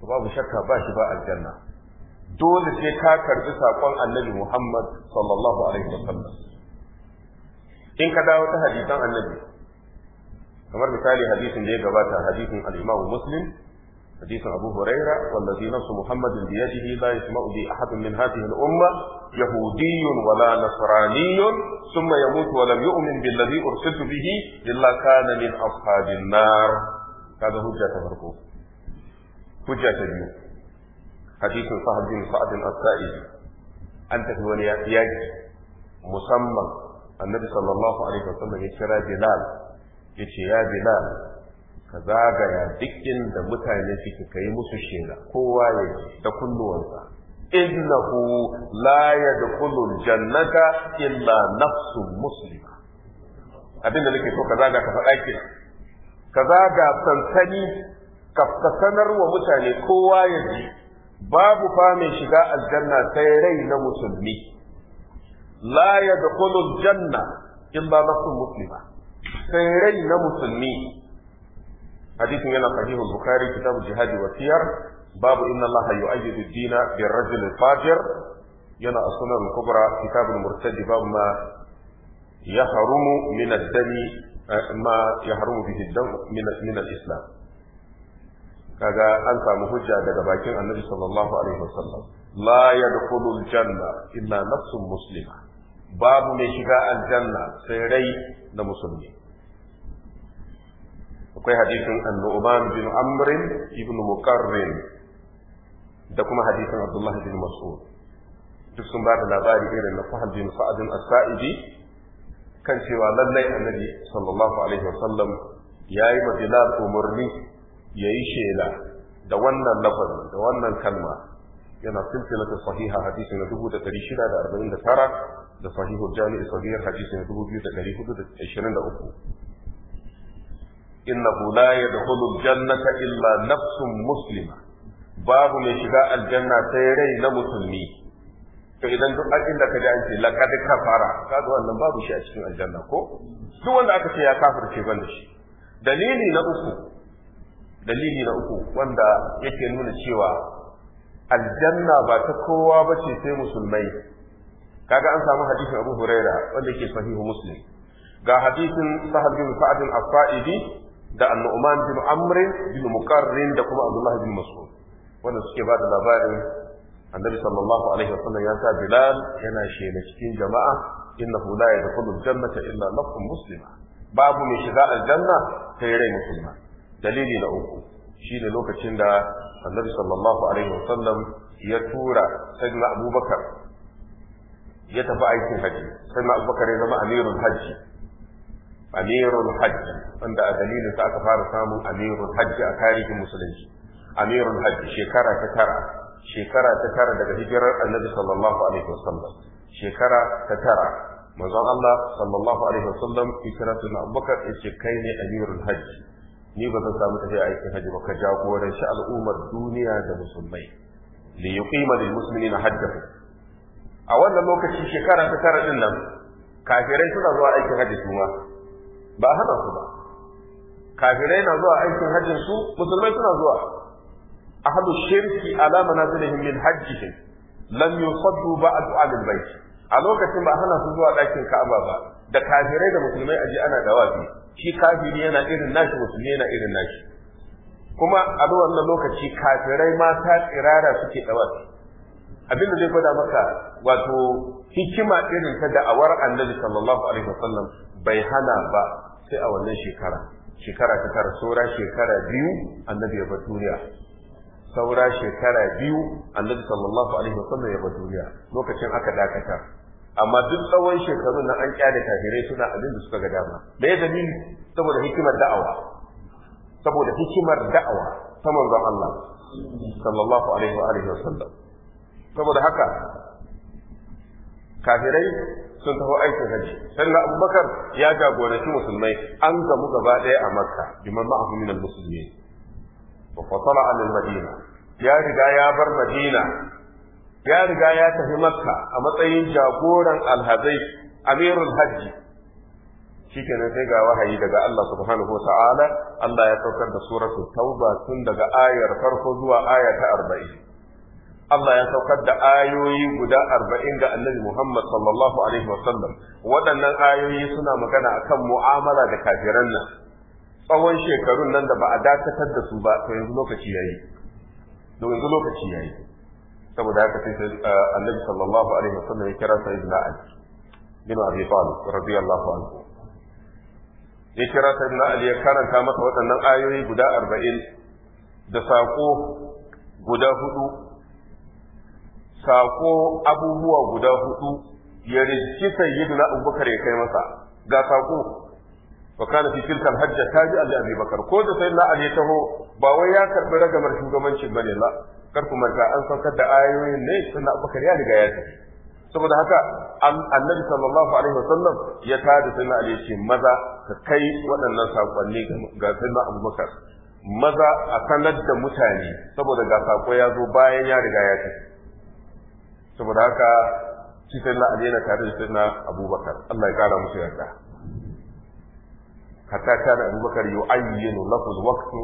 to babu shakka ba shi ba aljanna dole sai ka karbi sakon annabi Muhammad sallallahu alaihi wasallam in ka dawo ta hadisan annabi kamar misali hadisin da ya gabata hadisin al-Imam Muslim حديث أبو هريرة والذي نفس محمد بيده لا يسمع به أحد umma, هذه wala يهودي ولا نصراني ثم يموت ولم يؤمن بالذي أرسلت به إلا كان من أصحاب النار هذا هجة farko. hujja ta biyu hadisin fahad bin sa'ad al-sa'idi an tafi wani yaki musamman annabi sallallahu alaihi wasallam ya kira bilal ya ce ya bilal ka ya duk da mutane suke kai musu shela kowa ya da kunnuwansa innahu la yadkhulu jannata illa nafsun muslima abinda nake so ka zaga ka faɗa kenan ka zaga sansani ka sanar wa mutane kowa ya ji babu fa mai shiga aljanna sai rai na musulmi la janna in ba nafsun muslima sai rai na musulmi hadisin yana sahihu bukhari kitabu jihadi wa siyar babu inna allaha yu'ayyidu ad-dina bir-rajul fajir yana as al-kubra kitabu al-murtadi babu ma yahrumu min ad-dami eh, ma yahrumu bihi ad-dam min al-islam kaga an samu hujja daga bakin annabi sallallahu alaihi wasallam la yadkhulu aljanna illa nafsun muslima babu mai shiga aljanna sai rai na musulmi akwai hadisin annu'man bin amr ibn muqarrin da kuma hadisin abdullah bin mas'ud duk sun ba da labari irin na fahad bin sa'ad as-sa'idi kan cewa lallai annabi sallallahu alaihi wasallam yayi ma bilal umarni ya yi shela da wannan lafazi da wannan kalma yana ta sahiha hadisi na dubu da ɗari shida da arba'in da tara da sahihu jami'i sahihar hadisi na dubu biyu da ɗari hudu da ashirin da uku innahu la yadkhulu al-jannata illa nafsun muslima babu mai shiga aljanna sai rai na musulmi Ka idan duk an inda ka ji an ce laqad kafara kaga wannan babu shi a cikin aljanna ko duk wanda aka ce ya kafirce ban da shi dalili na uku dalili na uku wanda yake nuna cewa aljanna ba ta kowa ba ce sai musulmai kaga an samu hadisin Abu Huraira wanda yake sahihu Muslim ga hadisin Sahal bin Sa'd al da An-Nu'man bin Amr bin Muqarrin da kuma Abdullah bin Mas'ud wanda suke ba da labarin Annabi sallallahu alaihi wasallam ya sa Bilal yana shela cikin jama'a innahu la yadkhulu al-jannata illa nafsun muslima babu mai shiga aljanna sai rai musulma dalili na uku ne lokacin da annabi sallallahu alaihi wasallam ya tura sayyidina abubakar ya tafi aikin haji sayyidina abubakar ya zama amirul hajji amirul hajji wanda a dalilin sa aka fara samun amirul hajji a tarihin musulunci amirul hajji shekara ta tara shekara ta tara daga hijirar annabi sallallahu alaihi wasallam shekara ta tara manzon Allah sallallahu alaihi wasallam fitratu na abubakar ya ce kai ne amirul hajji. ni ba zan samu tafiya aikin hajji ba ka shi al'ummar duniya da musulmai li yuqima lil muslimina hajjahu a wannan lokaci shekara ta tara din nan kafirai suna zuwa aikin hajji su ma ba hana su ba kafirai na zuwa aikin hajjin su musulmai suna zuwa ahlu shirki ala manazilihim min hajjihim lam yusaddu ba'du 'ala al-bayt a lokacin ba hana su zuwa ɗakin Ka'aba ba da kafirai da musulmai aje ana dawafi shi kafiri yana irin nashi musulmi yana irin nashi kuma a wannan lokaci kafirai mata tsirara suke dawafi abinda zai faɗa maka wato hikima irin ta da'awar annabi sallallahu alaihi wasallam bai hana ba sai a wannan shekara shekara ta tara saura shekara biyu annabi ya bar duniya saura shekara biyu annabi sallallahu alaihi wasallam ya bar duniya lokacin aka dakata amma duk tsawon shekarun nan an kyale kafirai suna abin da suka ga dama me dalili saboda hikimar da'awa saboda hikimar da'awa ta manzon Allah sallallahu alaihi wa alihi wasallam saboda haka kafirai sun taho aikin haji sai na abubakar ya jagoranci musulmai an gamu gaba ɗaya a makka biman ma'ahu min al-muslimin wa fatala al-madina ya riga ya bar madina ya riga ya tafi makka a matsayin jagoran alhazai amirul hajji shikenan sai ga wahayi daga Allah subhanahu wa ta'ala Allah ya saukar da suratul tauba tun daga ayar farko zuwa aya ta 40 Allah ya saukar da ayoyi guda 40 ga Annabi Muhammad sallallahu alaihi wasallam waɗannan ayoyi suna magana akan mu'amala da kafiran nan tsawon shekarun nan da ba a dakatar da su ba to yanzu lokaci yayi to yanzu lokaci yayi saboda haka sai eh, annabi sallallahu alaihi wasallam ya kira sayyidina ali bin abi talib radiyallahu anhu ya kira sayyidina ali ya karanta masa waɗannan ayoyi guda arba'in da sako guda hudu sako abubuwa guda hudu ya rinci sayyidina abubakar ya kai masa ga sako wa kana fi tilkal hajja taji ali abi bakar ko da sayyidina ali ya taho ba wai ya karbi ragamar shugabancin bane la kar ku manta an saukar da ayoyin ne da abubakar ya riga ya tafi saboda haka annabi sallallahu alaihi wasallam ya tada sunna ali ce maza ka kai waɗannan sakonni ga sunna abubakar maza a sanar da mutane saboda ga sako ya zo bayan ya riga ya tafi saboda haka shi sunna ali yana tare da sunna abubakar Allah ya kara musu yarda hatta kana abubakar yu'ayyinu lahu waqtu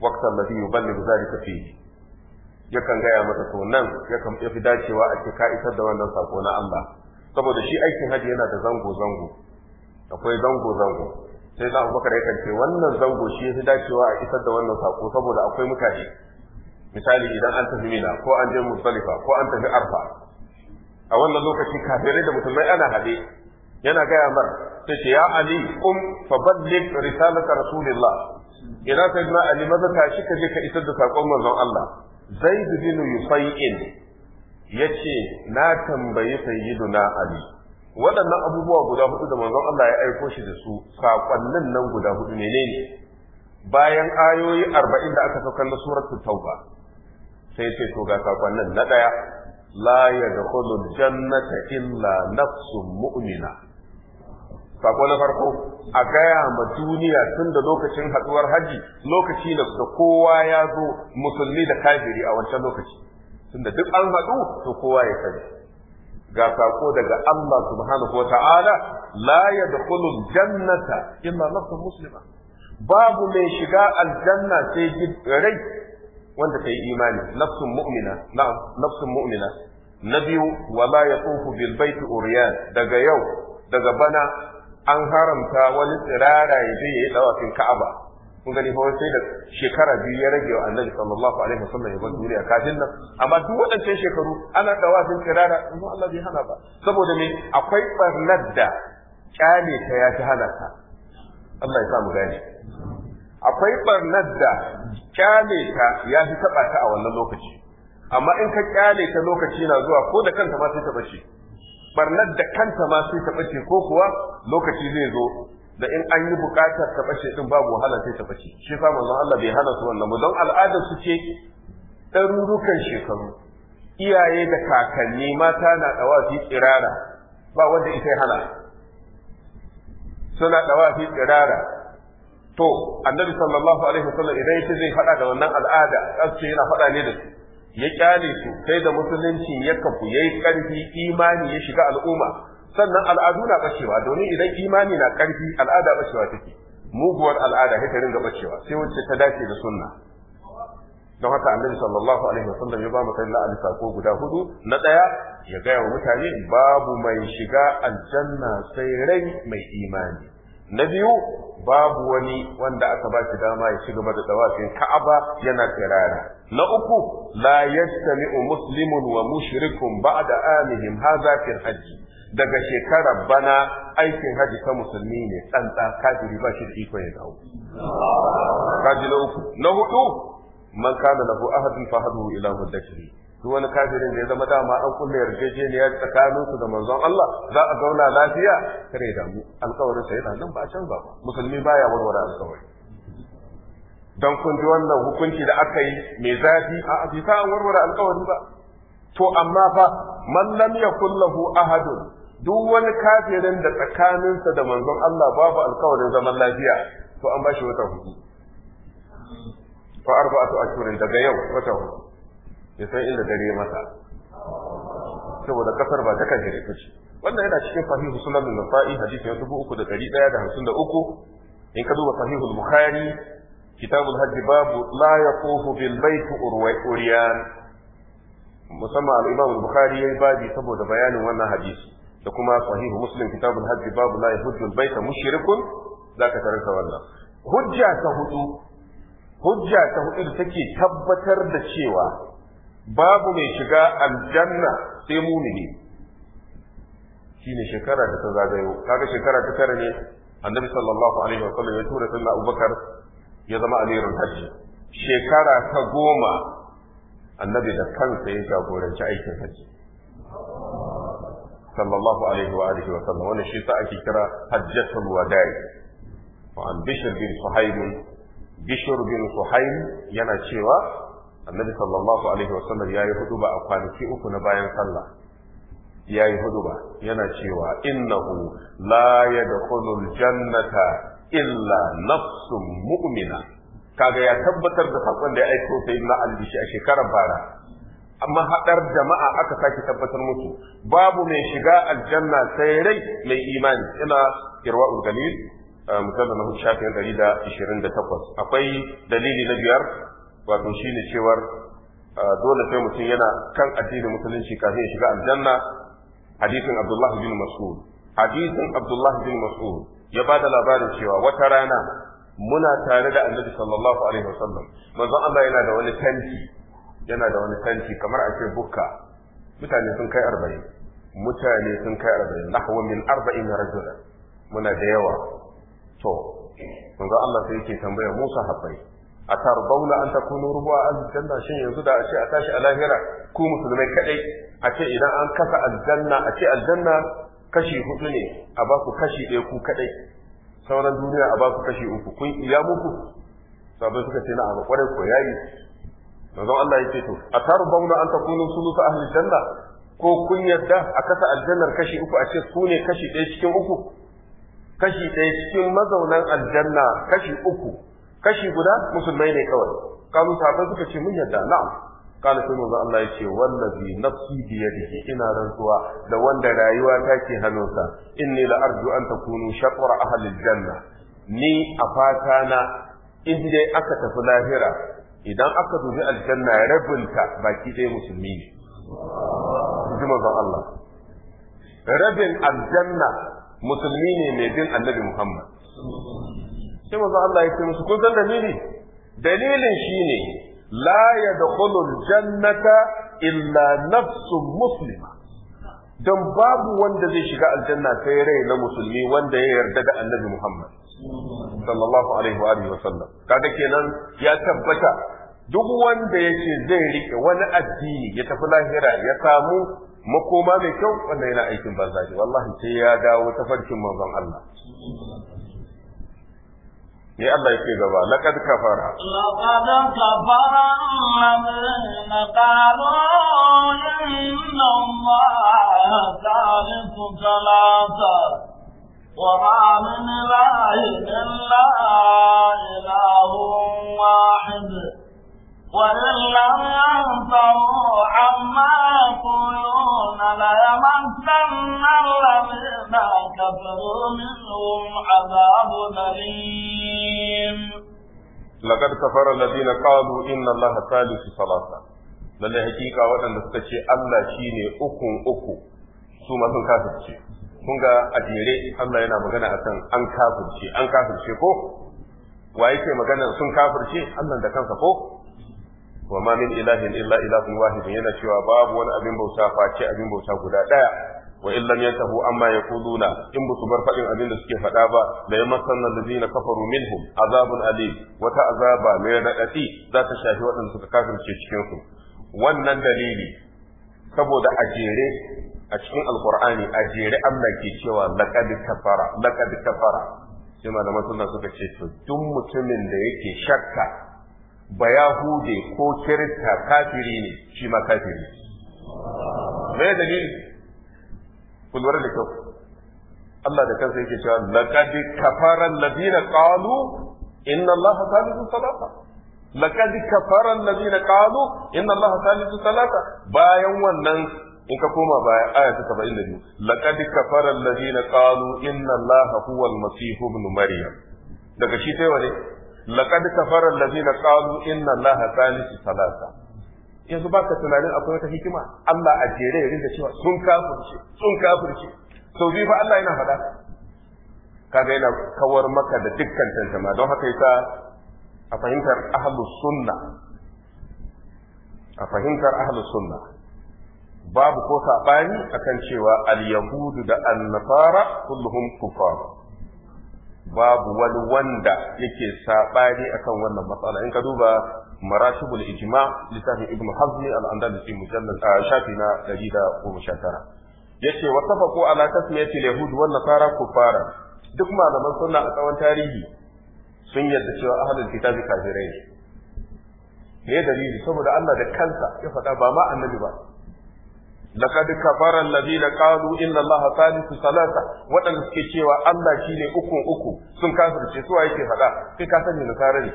waqtan ladhi yuballighu dhalika fihi yakan gaya masa to nan yakan fi dacewa a ce ka isar da wannan sako na Allah saboda shi aikin haji yana da zango zango akwai zango zango sai za Abubakar yakan ce wannan zango shi yafi dacewa a isar da wannan sako saboda akwai mutane misali idan an tafi Mina ko an je Muzdalifa ko an tafi Arfa a wannan lokaci kafirai da musulmai ana haɗe yana gaya mar sai ce ya Ali kum fa balligh risalata rasulillah ina sai na Ali maza shi ka je ka isar da sakon manzon Allah zaid bin ya yace na tambayi sayyiduna ali waɗannan abubuwa guda hudu da manzon Allah ya aiko shi da su sakonnin nan guda hudu menene bayan ayoyi arba'in da aka saukar na suratul tauba sai sai to ga sakonnin na ɗaya. la yadkhulul jannata illa nafsun mu'mina sako na farko a gaya ma duniya tun da lokacin haduwar haji lokaci da kowa ya zo musulmi da kafiri a wancan lokaci tun da duk an haɗu to kowa ya sani ga sako daga Allah subhanahu wa ta'ala la jannata illa nafsun muslima babu mai shiga aljanna sai rai wanda ta imani nafsun mu'mina na'am nafsun mu'mina na biyu wala yatufu bil baiti uryan daga yau daga bana an haramta wani tsirara ya je ya yi dawafin ka'aba kun gani fa sai da shekara biyu ya rage wa annabi sallallahu alaihi wasallam ya bar duniya kafin nan amma duk waɗancan shekaru ana dawafin tsirara in Allah bai hana ba saboda me akwai barnar da kyale ta ya ci hana ta Allah ya sa mu gane akwai barnar da kyale ta ya fi taɓa ta a wannan lokaci amma in ka kyale ta lokaci na zuwa ko da kanta ma sai ta bace barnar da kanta ma sai ta bace ko kuwa lokaci zai zo da in an yi buƙatar ta bace din babu wahala sai ta bace shi fa manzon Allah bai hana su wannan don al'adar su ce ɗarurukan shekaru iyaye da kakanni mata na fi tsirara ba wanda ita hana suna fi tsirara to annabi sallallahu alaihi wasallam idan yake zai fada da wannan al'ada kace yana fada ne da su ya kyale su sai da musulunci ya kafu ya yi karfi imani ya shiga al'umma sannan al'adu na bacewa domin idan imani na karfi al'ada bacewa take muguwar al'ada ya ta ringa bacewa sai wacce ta dace da sunna don haka annabi sallallahu alaihi wasallam ya ba mu sayyidina ali ko guda hudu na daya ya gaya wa mutane babu mai shiga aljanna sai rai mai imani na biyu babu wani wanda aka ba shi dama ya shiga da sai ka'aba yana tsirara na uku la yastami muslimun wa mushrikun ba'da amihim hadha fi hajji daga shekara bana aikin haji ta musulmi ne tsantsa kafiri ba shi da iko ya dawo kaji na uku na hudu man kana lahu ahadun fa hadu ila mudakkiri duk wani kafirin da ya zama dama an kulle yarjejeniya tsakanin su da manzon Allah za a zauna lafiya kare damu alƙawarin sa yana nan ba can ba musulmi baya warware alƙawari don kun ji wannan hukunci da aka yi mai zafi a abi an warware alkawari ba to amma fa man lam yakul lahu ahadun duk wani kafirin da tsakaninsa da manzon Allah babu alkawarin zaman lafiya to an ba shi wata hudu fa arba'atu ashhurin daga yau wata hudu ya san inda dare masa saboda kasar ba ta kan gare ta wannan yana cikin sahihu sunan nasa'i hadisi na 3153 in ka duba sahihul bukhari kitabul hajji babu la yaqufu bil baiti uryan musamman al-imam al-bukhari yayi babi saboda bayanin wannan hadisi da kuma sahih muslim kitabul hajji babu la yahujju al baita mushrikun zaka karanta wannan hujja ta hudu hujja ta hudu da take tabbatar da cewa babu mai shiga aljanna sai mumini shine shekara ta shekara ta tara ne annabi sallallahu alaihi wa sallam ya tura abubakar ya zama amirin hajji shekara ta goma annabi da kansa ya jagoranci aikin hajji sallallahu alaihi wa alihi wa sallam wannan shi sa ake kira hajjatul wada'i wa an bishr bin suhaib bishr bin suhaib yana cewa annabi sallallahu alaihi wa sallam yayi huduba a kwanaki uku na bayan sallah yayi huduba yana cewa innahu la yadkhulul jannata illa nafsun mu'mina kaga ya tabbatar da sakon da ya aiko sai na albishi a shekarar bara amma hadar jama'a aka sake tabbatar musu babu mai shiga aljanna sai rai mai imani ina irwa'ul galil mutum na shafin ɗari da ishirin da takwas akwai dalili na biyar wato shine cewar dole sai mutum yana kan addinin musulunci kafin ya shiga aljanna hadisin Abdullahi bin mas'ud hadisin abdullah bin mas'ud ya ba da labarin cewa wata rana muna tare da annabi sallallahu alaihi wasallam manzon Allah yana da wani tanti yana da wani tanti kamar a ce bukka mutane sun kai arba'in mutane sun kai arba'in nahwa min arba'in rajula muna da yawa to manzon Allah sai yake tambaya Musa habbai a tarbauna an ta kuno ruwa aljanna shin yanzu da a ce a tashi a lahira ku musulmai kadai a ce idan an kasa aljanna a ce aljanna kashi hudu ne a baku kashi ɗaya ku kaɗai, sauran duniya a baku kashi uku kun iya muku sabai suka ce na na'am kwarai ko yayi manzon Allah yake to atarbauna an takunu sulusu ahli janna ko kun yadda a kasa aljannar kashi uku a ce ku ne kashi ɗaya cikin uku kashi ɗaya cikin mazaunan aljanna kashi uku kashi guda musulmai ne kawai kamun sabai suka ce mun yadda na'am قال sai manzo Allah yace wallazi nafsi bi yadihi ina rantsuwa da wanda rayuwa take hannunsa inni la arju an takunu shaqra ahli janna ni a fata na in dai aka tafi lahira idan aka dubi aljanna rabinta baki dai musulmi rabin aljanna musulmi ne mai bin Muhammad Allah yace musu kun san dalili dalilin shine la yadkhulu jannata illa nafsun muslima dan babu wanda zai shiga aljanna sai rai na musulmi wanda ya yarda da annabi Muhammad sallallahu alaihi wa alihi wasallam kaga kenan ya tabbata duk wanda yake zai riƙe wani addini ya tafi lahira ya samu makoma mai kyau wanda yana aikin banza wallahi sai ya dawo tafarkin manzon Allah me Allah yake gaba laqad kafara laqad kafara alladhina qalu inna allaha thalithu thalatha wa ma min ilahin illa ilahun wahid وإن لم ينتهوا عما يقولون ليمسن الذين كفروا منهم عذاب أليم لقد كفر الذين قالوا إن الله ثالث ثلاثة lallai hakika waɗanda suka ce Allah shi ne ukun uku su ma sun kafirce kun ga a jere Allah yana magana akan an kafirce an kafirce ko waye ke magana sun kafirce Allah da kansa ko wa ma min ilahin illa ilahun wahidin yana cewa babu wani abin bauta face abin bauta guda daya wa in lam yantahu amma yaquluna in busu bar fadin abin da suke fada ba la yamassanna alladhina kafaru minhum azabun alim wata azaba mai radadi za ta shafi waɗanda suka kafirce cikin su wannan dalili saboda a jere a cikin alqur'ani a jere Allah ke cewa laqad kafara laqad kafara sai malaman sunna suka ce duk mutumin da yake shakka ba yahude ko kirista kafiri ne shi ma kafiri me dalili kun lura da kyau Allah da kansa yake cewa laqad kafara alladhina qalu inna Allaha thalithu thalatha laqad kafara alladhina qalu inna Allaha thalithu thalatha bayan wannan in ka koma baya aya ta 72 laqad kafara alladhina qalu inna Allaha huwa al-masih ibn maryam daga shi ta sai wane laqad kafara allazina qalu inna allaha thalithu thalatha yanzu baka tunanin akwai wata hikima Allah a jere ya rinda cewa sun kafirce sun kafirce sau biyu fa Allah yana faɗa kaga yana kawar maka da dukkan tantama don haka yasa a fahimtar ahlu sunna a fahimtar ahlu sunna babu ko sabani akan cewa al-yahudu da an-nasara kulluhum kufar babu wani wanda yake saɓani akan wannan matsala in ka duba maratibul ijma littafin ibnu hazmi al-andalusi mujallal shafi na 119 yace wa tafaqu ala tasmiyati yahud wa nasara kufara duk malaman sunna a tsawon tarihi sun yadda cewa ahlul kitabi kafirai ne ne dalili saboda Allah da kansa ya faɗa ba ma annabi ba لقد كفر الذين قالوا ان الله ثالث ثلاثه wadanda suke cewa Allah shine uku uku sun kafirce su yake fada kai ka sani nasara tarihi.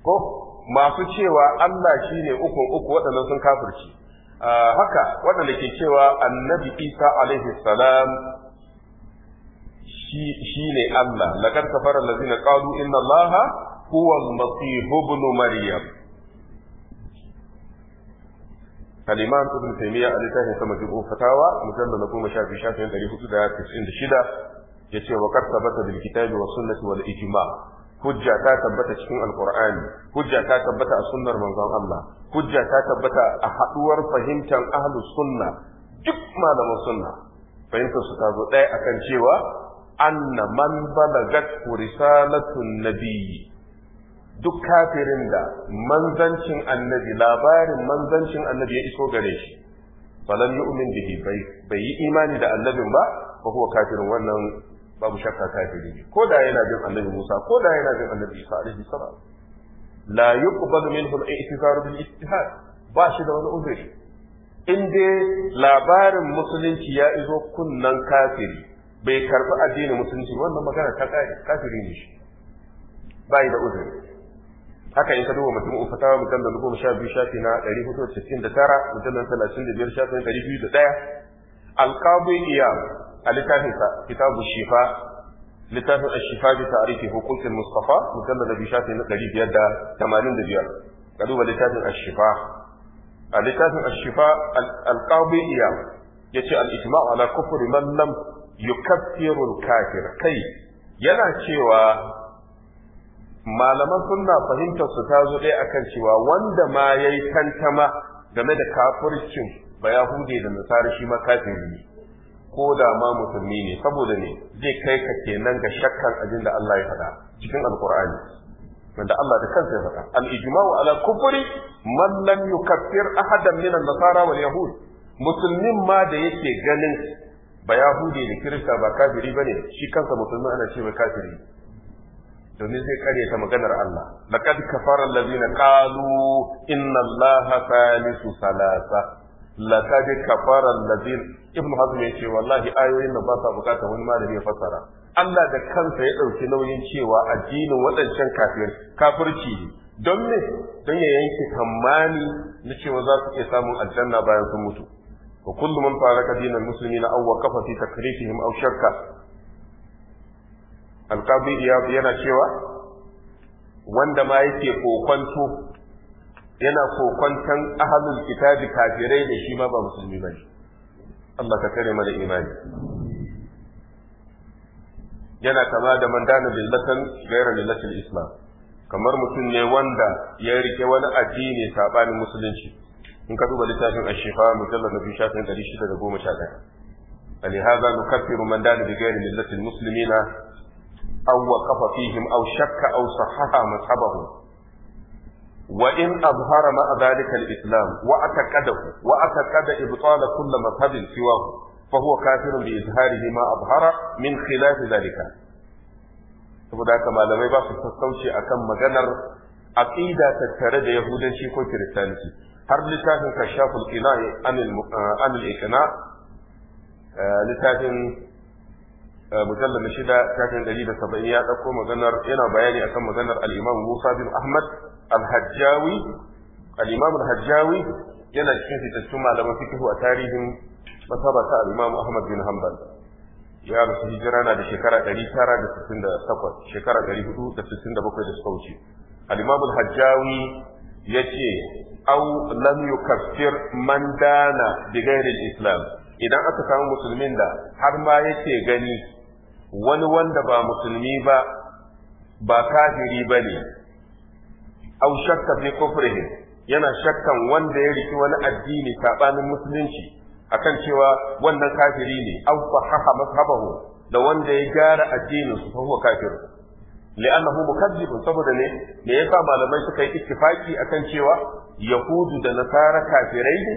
ko masu cewa Allah shine uku uku wadannan sun kafirce haka wadanda ke cewa annabi Isa alaihi salam shi ne Allah laqad kafara alladhina qalu inna allaha huwa al-masih ibn maryam al-imam ibn taymiya a littafin sa majmu'u fatawa mujallal na goma sha biyu shafin ɗari hudu da tis'in da shida ya ce wa qad thabata bil kitabi wa sunnati wal ijma hujja ta tabbata cikin alqur'ani hujja ta tabbata a sunnar manzon Allah hujja ta tabbata a haɗuwar fahimtar ahlus sunna duk malaman sunna fahimtar su ta zo ɗaya akan cewa anna man balagat risalatun nabiyyi duk kafirin da manzancin annabi labarin manzancin annabi ya iso gare shi falan yu'min bihi bai yi imani da annabin ba ba kuwa kafirin wannan babu shakka kafiri ko da yana jin annabi Musa ko da yana jin annabi Isa alaihi salam la yuqbalu minhu al-i'tizar bil ijtihad ba shi da wani uzuri in dai labarin musulunci ya izo kunnan kafiri bai karbi addinin musulunci wannan magana ta kafiri ne shi bai da uzuri haka in ka duba mutum uku fatawa mujallar goma sha biyu shafi na ɗari hudu sittin da tara mujallar talatin da biyar shafi na ɗari biyu da ɗaya alƙabu iya a littafinsa kitabu shifa littafin a ashifa bi ta'rifi huquqil mustafa mujallar da biyu shafi na ɗari biyar da tamanin da biyar ka duba littafin a shifa. a littafin a shifa, alƙabu iya ya ce al'ijma'u ala kufuri man lam yukaffiru kafir kai yana cewa malaman sunna fahimtar su ta zo dai akan cewa wanda ma yayi tantama game da kafircin ba yahude da nasara shi ma kafiri ne ko da ma musulmi ne saboda ne zai kai ka kenan ga shakkan abin da Allah ya faɗa cikin alkur'ani wanda Allah da kansa ya faɗa al-ijma'u ala kufri man lam yukaffir ahadan min an-nasara wal yahud musulmin ma da yake ganin ba yahudi da kirista ba kafiri bane shi kansa musulmi ana cewa kafiri domin zai kare ta maganar Allah laqad kafara allazina qalu inna allaha salisu salasa laqad kafara allazina ibnu hazm ce wallahi ayoyin ba sa bukata wani malami ya fassara Allah da kansa ya dauki nauyin cewa addinin wadancan kafir kafirci ne don me don ya yanke kamani na cewa za su iya samun aljanna bayan sun mutu wa kullu man faraka dinal muslimina aw waqafa fi takrifihim aw shakka alqabi iyad yana cewa wanda ma yake kokonto yana kokonton ahlul kitabi kafirai da shi ma ba musulmi bane Allah ka kare mana imani yana kama da mandana dana billatan ghayra billatil islam kamar mutum ne wanda ya rike wani addini sabanin musulunci in ka duba littafin ashifa mujallad nabi shafin da 611 alihada nukaffiru mandana dana bi ghayri billatil muslimina aw waqafa fihim aw shakka aw sahaha mazhabahu wa in azhara ma dhalika al-islam wa ataqadahu wa ataqada ibtala kull mazhabin siwahu fa huwa kafirun bi saboda haka malamai ba su sassauci akan maganar aƙida tattare da yahudanci ko kiristanci har littafin kashaful qina'i anil anil littafin Eh, mujallar na shida shafin ɗari da saba'in ya ɗauko maganar yana bayani akan maganar al'imam Musa bin Ahmad al-Hajjawi al-imam al yana cikin fitattun malaman fikihu a tarihin masaba ta al-imam Ahmad bin Hanbal ya rasu hijira na da shekara ɗari tara da sittin da takwas shekara ɗari hudu da sittin da bakwai da suka wuce al-imam al-Hajjawi ya ce au islam idan aka samu musulmin da har ma yake gani wani wanda ba musulmi ba ba kafiri ba ne au shakka fi kufrihi yana shakkan wanda ya riki wani addini sabanin musulunci akan cewa wannan kafiri ne au fahaha mazhabahu da wanda ya gyara addinin su fa huwa kafir li'annahu mukazzibun saboda ne me yasa malamai suka yi ittifaki akan cewa yahudu da nasara kafirai ne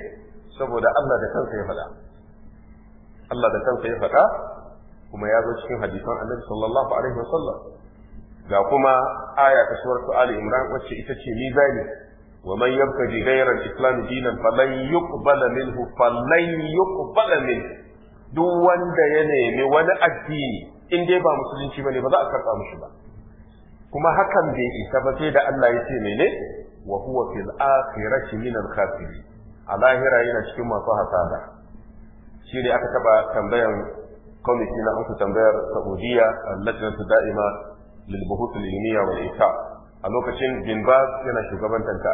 saboda Allah da kansa ya faɗa Allah da kansa ya faɗa kuma ya zo cikin hadisan annabi sallallahu alaihi wasallam ga kuma aya ta suratu ali imran wacce ita ce mizani ومن يبتغي غير الاسلام دينا فلن يقبل منه فلن يقبل min. duk wanda ya nemi wani addini in dai ba musulunci bane ba za a karɓa mushi ba kuma hakan bai isa ba sai da Allah ya ce mene wa huwa fil akhirati min al khasirin a lahira yana cikin masu hasada. shi ne aka taba tambayan kwamiti na amsa tambayar saudiya a lajinatu da'ima lilbuhutul ilmiya wal isa a lokacin bin baz yana shugabantar ta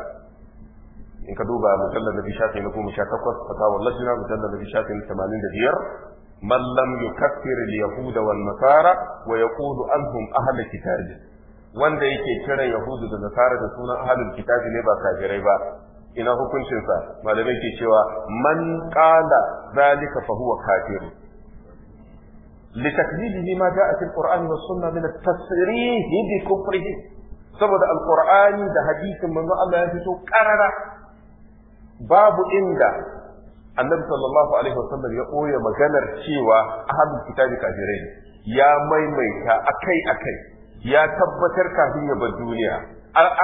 in ka duba mujallar na shafi na goma sha takwas fatawar lajina mujallar na shafi na tamanin da biyar man lam yukaffir wanda yake kiran yahudu da nasara da sunan ahlul kitab ne ba kafirai ba ina hukuncinsa malamai ke cewa man qala zalika fa huwa kafir لتكذيبه ما جاء في القرآن والسنة من التصريح بكفره saboda Alƙur'ani da hadisin manzo Allah ya fito karara babu inda annabi sallallahu alaihi wasallam ya ɓoye maganar cewa ahlul kitabi kafirai ya maimaita akai akai ya tabbatar kafin ya bar duniya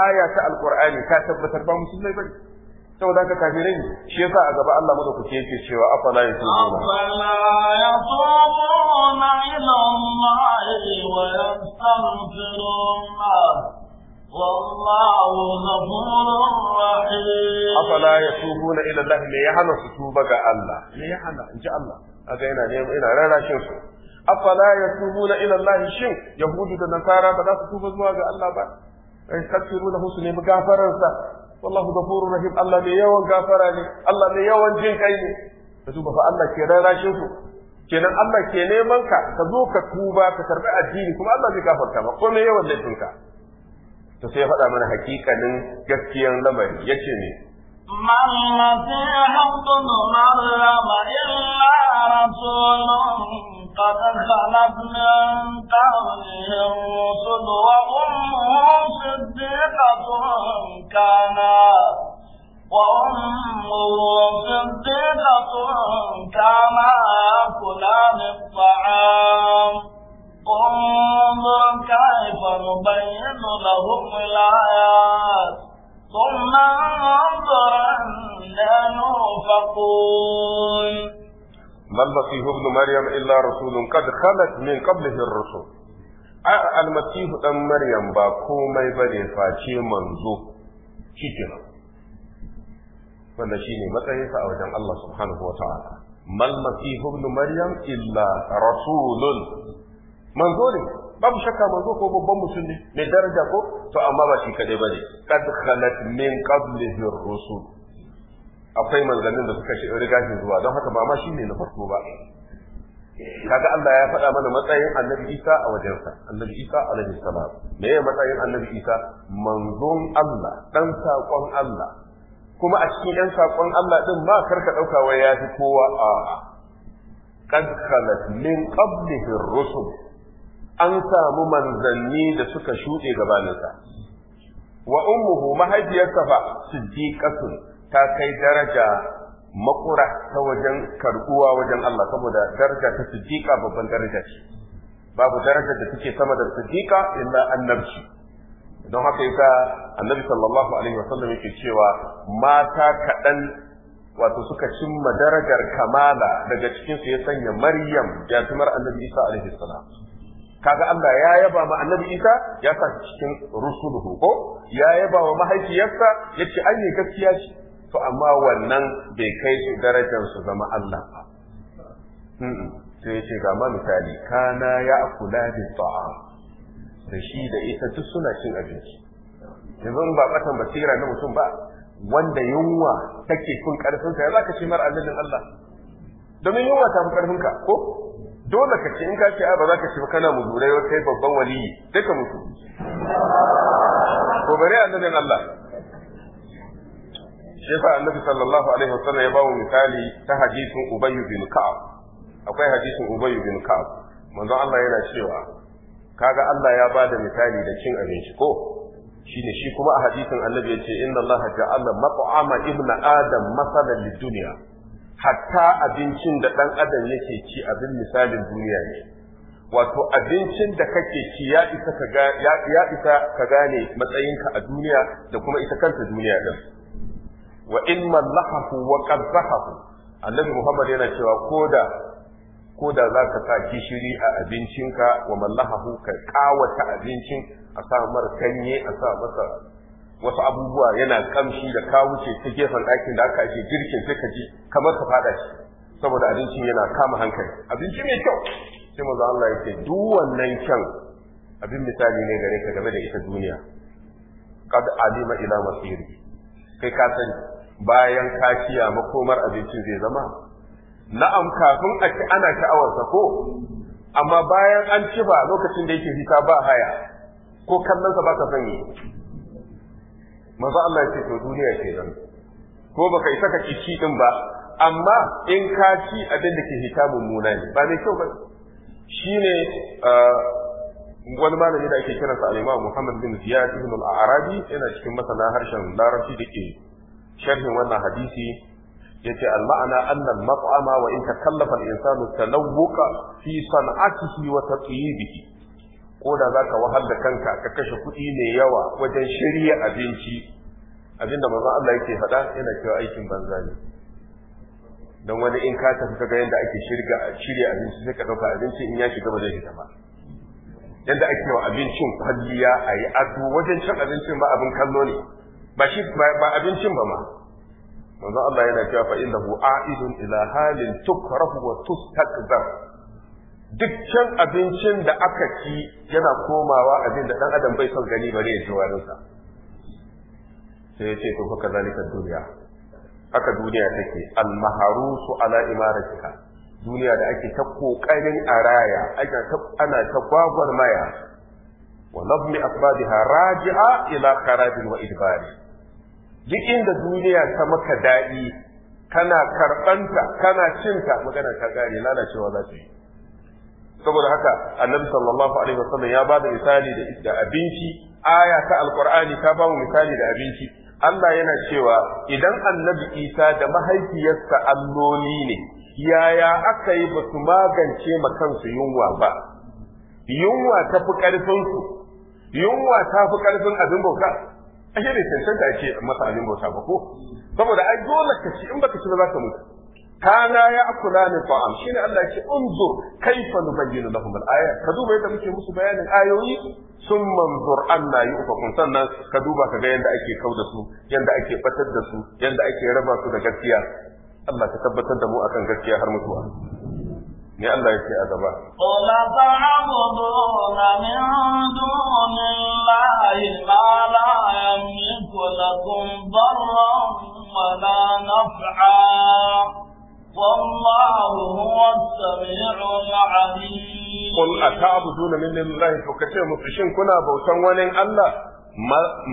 aya ta Alƙur'ani ta tabbatar ba musulmai bane saboda haka kafirai shi yasa a gaba Allah kuke yake cewa afala ya afala yatubuna ila Allahi wa yastaghfiruna wallahu ghafurur rahim afala yatubuna ila Allah me ya hana su tuba ga Allah me ya hana inji Allah kaga yana ne ina rarashin su afala yatubuna ila Allah shin yahudu da nasara ba za su tuba zuwa ga Allah ba ai sakiru lahu su nemi gafararsa wallahu ghafurur rahim Allah mai yawan gafara ne Allah mai yawan jin kai ne ka duba fa Allah ke rarashin su kenan Allah ke neman ka ka zo ka tuba ka karbi addini kuma Allah zai gafarta ba ko mai yawan laifin ka to sai ya faɗa mana hakikanin gaskiyan lamari yace ne ما المسيح ابن مريم إلا رسول قد خلت من قبلهم رسل وأمهم صديقة كانا وأمه صديقة كانا يأكلان الطعام انظر كيف نبين لهم الآيات ثم انظر أن ينفقون ما المسيح ابن مريم إلا رسول قد خلت من قبله الرسل المسيح ابن مريم با كومي بني فاشي منزو شكرا wannan shine matsayinsa a wajen Allah subhanahu wa ta'ala mal masihu ibn maryam illa rasulun manzo ne babu shakka manzo ko babban mutum ne daraja ko to amma ba shi kadai bane qad min qablihi rusul akwai manzannin da suka riga shi zuwa don haka ba ma shi ne na farko ba kaga Allah ya faɗa mana matsayin annabi Isa a wajensa annabi Isa alaihi salam me ya matsayin annabi Isa manzon Allah dan saƙon Allah kuma a cikin ɗan saƙon Allah din ma karka ɗauka wai ya fi kowa a qad khalat min qablihi rusul an samu manzanni da suka shuɗe gabaninsa wa ummuhu mahaifiyarsa fa siddiqatun ta kai daraja makura ta wajen karbuwa wajen Allah saboda daraja ta siddiqa babban daraja ce babu daraja da take sama da siddiqa illa annabci don haka yasa annabi sallallahu alaihi wasallam yake cewa mata kaɗan wato suka cimma darajar kamala daga cikin su ya sanya maryam jatumar annabi isa alaihi salam kaga Allah ya yaba ma annabi Isa ya sa cikin rusuluhu ko ya yaba wa mahaifiyarsa yace ai gaskiya ce to amma wannan bai kai su darajar su zama Allah ba hmm. sai ya ce ga ma misali kana ya kula da ta'a da shi da ita duk suna cin abinci yanzu ba batan basira na mutum ba wanda yunwa take kun karfin ka ya zaka ce mar annabin Allah domin yunwa ta fi karfin ka ko dole ka ce in ka ce a ba za ka ce ba kana muzurai kai babban waliyi sai ka mutu ko bare annabin Allah shefa annabi sallallahu alaihi wasallam ya bawo misali ta hadisin ubay bin ka'ab akwai hadisin ubay bin ka'ab manzo Allah yana cewa kaga Allah ya bada misali da cin abinci ko shine shi kuma a hadisin annabi yace inna Allah ja'ala mat'ama ibna adam masalan lid-dunya hatta abincin da dan adam yake ci abin misalin duniya ne wato abincin da kake ci ya isa ka ya isa ka gane matsayinka a duniya da kuma ita kanta duniya din wa in mallahahu wa qadzahu annabi muhammad yana cewa koda koda zaka sa kishiri a abincinka wa mallahahu ka kawata abincin a sa mar kanye a sa masa wasu abubuwa yana kamshi da ka wuce ta gefen ɗakin da aka ake girkin sai ka ji kamar ka fada shi saboda abincin yana kama hankali abinci mai kyau sai maza Allah yake duk wannan kyan abin misali ne gare ka game da ita duniya kad alima ila masiri kai ka sani bayan kaciya makomar abincin zai zama na'am kafin a ci ana sha'awarsa ko amma bayan an ci ba lokacin da yake hita ba haya ko kallonsa ba ka sani maza Allah ya ce to duniya ke nan ko baka isa ka ci din ba amma in ka ci abin da ke hita mummuna ne ba mai kyau ba shine wani malami da ake kiransa al-Imam Muhammad bin Ziyad ibn al-Arabi yana cikin masana harshen Larabci da ke sharhin wannan hadisi yace al-ma'ana anna al-mat'ama wa in takallafa al-insanu tanawwuqa fi san'atihi wa tatyibihi ko da zaka wahal da kanka ka kashe kuɗi mai yawa wajen shirya abinci abinda manzon Allah yake faɗa yana cewa aikin banza ne don wani in ka tafi ga yadda ake shirga shirya abinci sai ka ɗauka abinci in ya shiga ba zai fita ba yadda ake wa abincin kwalliya ayi yi wajen cin abincin ba abin kallo ne ba shi ba abincin ba ma manzo Allah yana cewa fa innahu a'idun ila halin tukrahu wa tustakbar dukkan abincin da aka ci yana komawa abin da dan adam bai son gani bare ya ji warinsa sai ya ce to fa zalika duniya haka duniya take al-maharusu ala duniya da ake ta kokarin araya, ake ta ana ta gwagwarmaya wa nabmi asbadiha raji'a ila kharabin wa idbari duk inda duniya ta maka daɗi kana karɓanta kana cinta magana ta gare lalacewa za ta yi saboda haka annabi sallallahu alaihi wasallam ya bada misali da abinci aya ta alqur'ani ta ba mu misali da abinci Allah yana cewa idan annabi Isa da mahaifiyarsa alloli ne yaya aka yi ba su magance ma kansu yunwa ba yunwa ta fi ƙarfinsu yunwa ta fi ƙarfin abin bauta ashe bai da a ce masa abin bauta ba ko saboda ai dole ka ci in baka ci ba za ka mutu kana ya akula ne fa'am shine Allah ya ce unzur kaifa nubayyinu lahum al-aya ka duba yadda muke musu bayanin ayoyi sun manzur Allah yi sannan ka duba ka ga yadda ake kau da su yadda ake batar da su yadda ake raba su da gaskiya Allah ka tabbatar da mu akan gaskiya har mutuwa me Allah ya ce a gaba qala ta'buduna min dunillahi ma la yamliku lakum darran wa la naf'a wallahu huwa as-sami'ul 'alim qul ata'buduna min dunillahi to kace musu shin kuna bautan wani Allah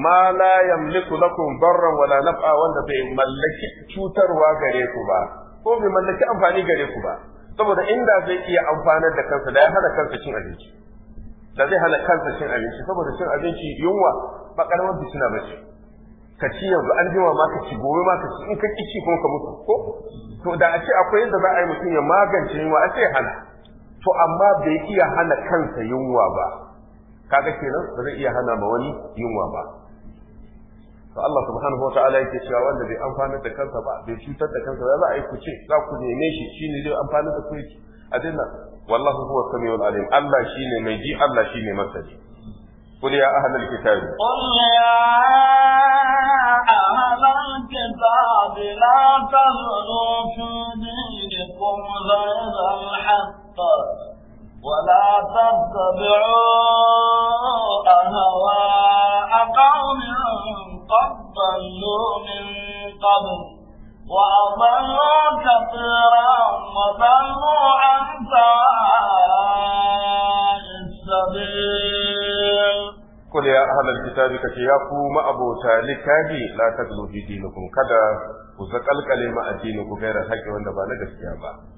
ma la yamliku lakum darran wala naf'a wanda bai mallaki cutarwa gare ku ba ko bai mallaki amfani gare ku ba saboda inda zai iya amfanar da kansa da ya hana kansa cin abinci da zai hana kansa cin abinci saboda cin abinci yunwa ba karamar fitina ba ce ka ci yanzu an jima ma ka ci gobe ma ka ci in ka ci kuma ka mutu ko to da a ce akwai yadda za a yi mutum ya magance yunwa a ce hana to amma bai iya hana kansa yunwa ba kaga kenan ba zai iya hana ma wani yunwa ba to Allah subhanahu wataala yake cewa wanda bai amfana da kansa ba bai cutar da kansa ba za a yi kuce za ku neme shi shine zai amfana da ku yake a dinnan wallahu huwa samiul alim Allah shine mai ji Allah shine masani قل يا أهل الكتاب قل يا أهل الكتاب لا تغلوا في دينكم غير الحق ولا تتبعوا أهواء قوم قد ضلوا من قبل وأضلوا كثيرا وضلوا عن سواء السبيل قل يا أهل الكتاب كتياكو ما أبو تالكادي لا تغلوا في دينكم كذا وزقل كلمة أدينكم غير الحق وأن بانك السيابة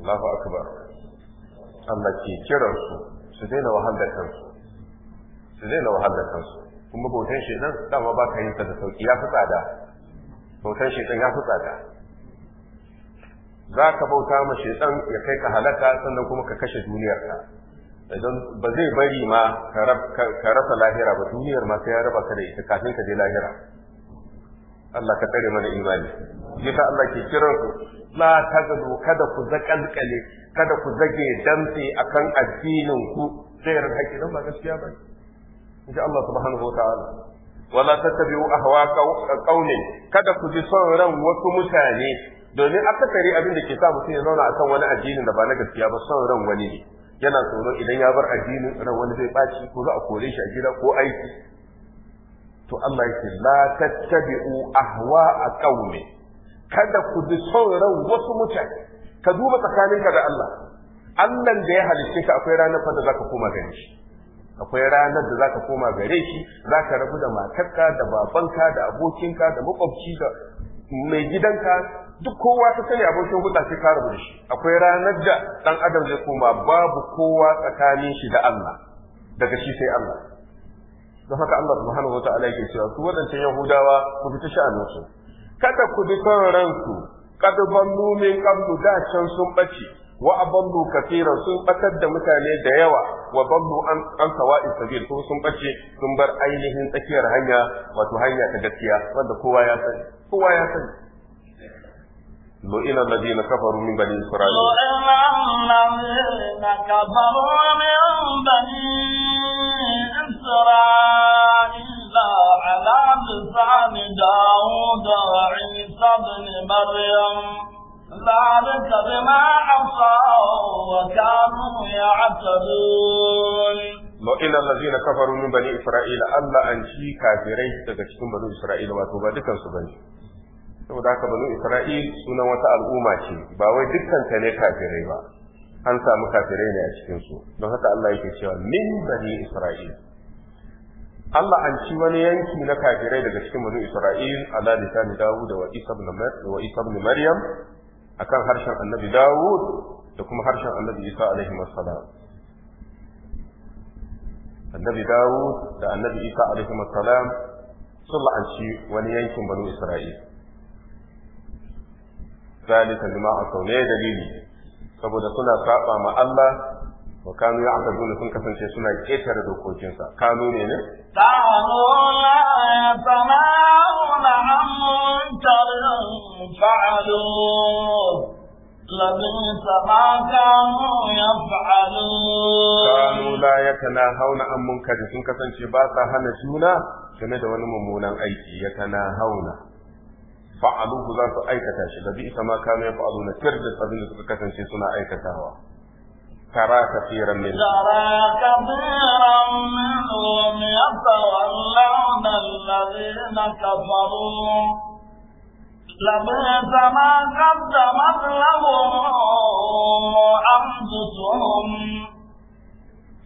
Allahu akbar Allah ke kiran su su daina wahalar kansu su daina wahalar kansu kuma bautan shedan dama ba ka yin ta da sauki ya fi tsada bautan shedan ya fi tsada za ka bauta ma shedan ya kai ka halaka sannan kuma ka kashe duniyar ka, idan ba zai bari ma ka rasa lahira ba duniyar ma sai ya raba ka da ita kafin ka je lahira Allah ka tsare mana imani ka Allah ke kiran ku la tagadu kada ku zakalkale kada ku zage damse akan addinin ku zai haƙi dan ba gaskiya ba inji Allah subhanahu wa ta'ala wala tattabi'u ahwa qawli kada ku ji son ran wasu mutane domin akasari abin da ke sa mutum ya zauna akan wani addinin da ba na gaskiya ba son ran wani ne yana tsoro idan ya bar addinin ran wani zai baci ko za a kore shi a gida ko aiki to Allah yake la tattabi'u ahwa'a qaumi kada ku bi sauran wasu mutane ka duba tsakaninka da Allah Allah da ya halicce ka akwai ranar fa da zaka koma gare shi akwai ranar da zaka koma gare shi zaka rabu da matarka da babanka da abokinka da makwabci da mai gidanka duk kowa ta sani abokin hulɗa sai ka rabu da shi akwai ranar da dan adam zai koma babu kowa tsakanin shi da Allah daga shi sai Allah don haka Allah subhanahu wa ta'ala yake cewa su waɗancan Yahudawa ku fita sha'aninsu kada ku bi son ransu kad ballu min qablu da can sun bace wa aballu kafiran sun ɓatar da mutane da yawa wa ballu an an sawa'i sabil ko sun bace sun bar ainihin tsakiyar hanya wato hanya ta gaskiya wanda kowa ya sani kowa ya sani لئن الذين كفروا من بني إسرائيل لئن الذين كفروا من بني عذرا إلا على لسان داود وعيسى بن مريم ذلك بما عصوا وكانوا يعتدون وإلى الذين كفروا من بني إسرائيل ألا أنشي كافرين تكشفون بني إسرائيل واتوبا دكان سبني saboda haka banu Isra'il sunan wata al'umma ce ba wai dukkan ta ne kafirai ba an samu kafirai ne a cikin su don haka Allah yake cewa min bani Isra'il Allah an ci wani yanki na kafirai daga cikin banu Isra'il ala lisani Dawud wa Isa ibn wa Isa ibn Maryam akan harshen Annabi Dawud da kuma harshen Annabi Isa alaihi wassalam Annabi Dawud da Annabi Isa alaihi wassalam sun la'anci wani yankin banu Isra'il zalika lima asau ne dalili saboda suna saba ma Allah wa kanu ya aka dole sun kasance suna ƙetare dokokinsa kanu ne ne kanu la ya sama'una muntarin fa'alu لبئس ما كانوا يفعلون كانوا لا يتناهون عن منكر sun kasance ba sa hana juna game da wani mummunan aiki ya hauna. ku za su aikata shi da bi isa ma kanu ya fa'alu na tir da abin da suka kasance suna aikatawa ترى كثيرا منهم ترى كثيرا منهم يتولون الذين كفروا لبئس ما قدمت لهم انفسهم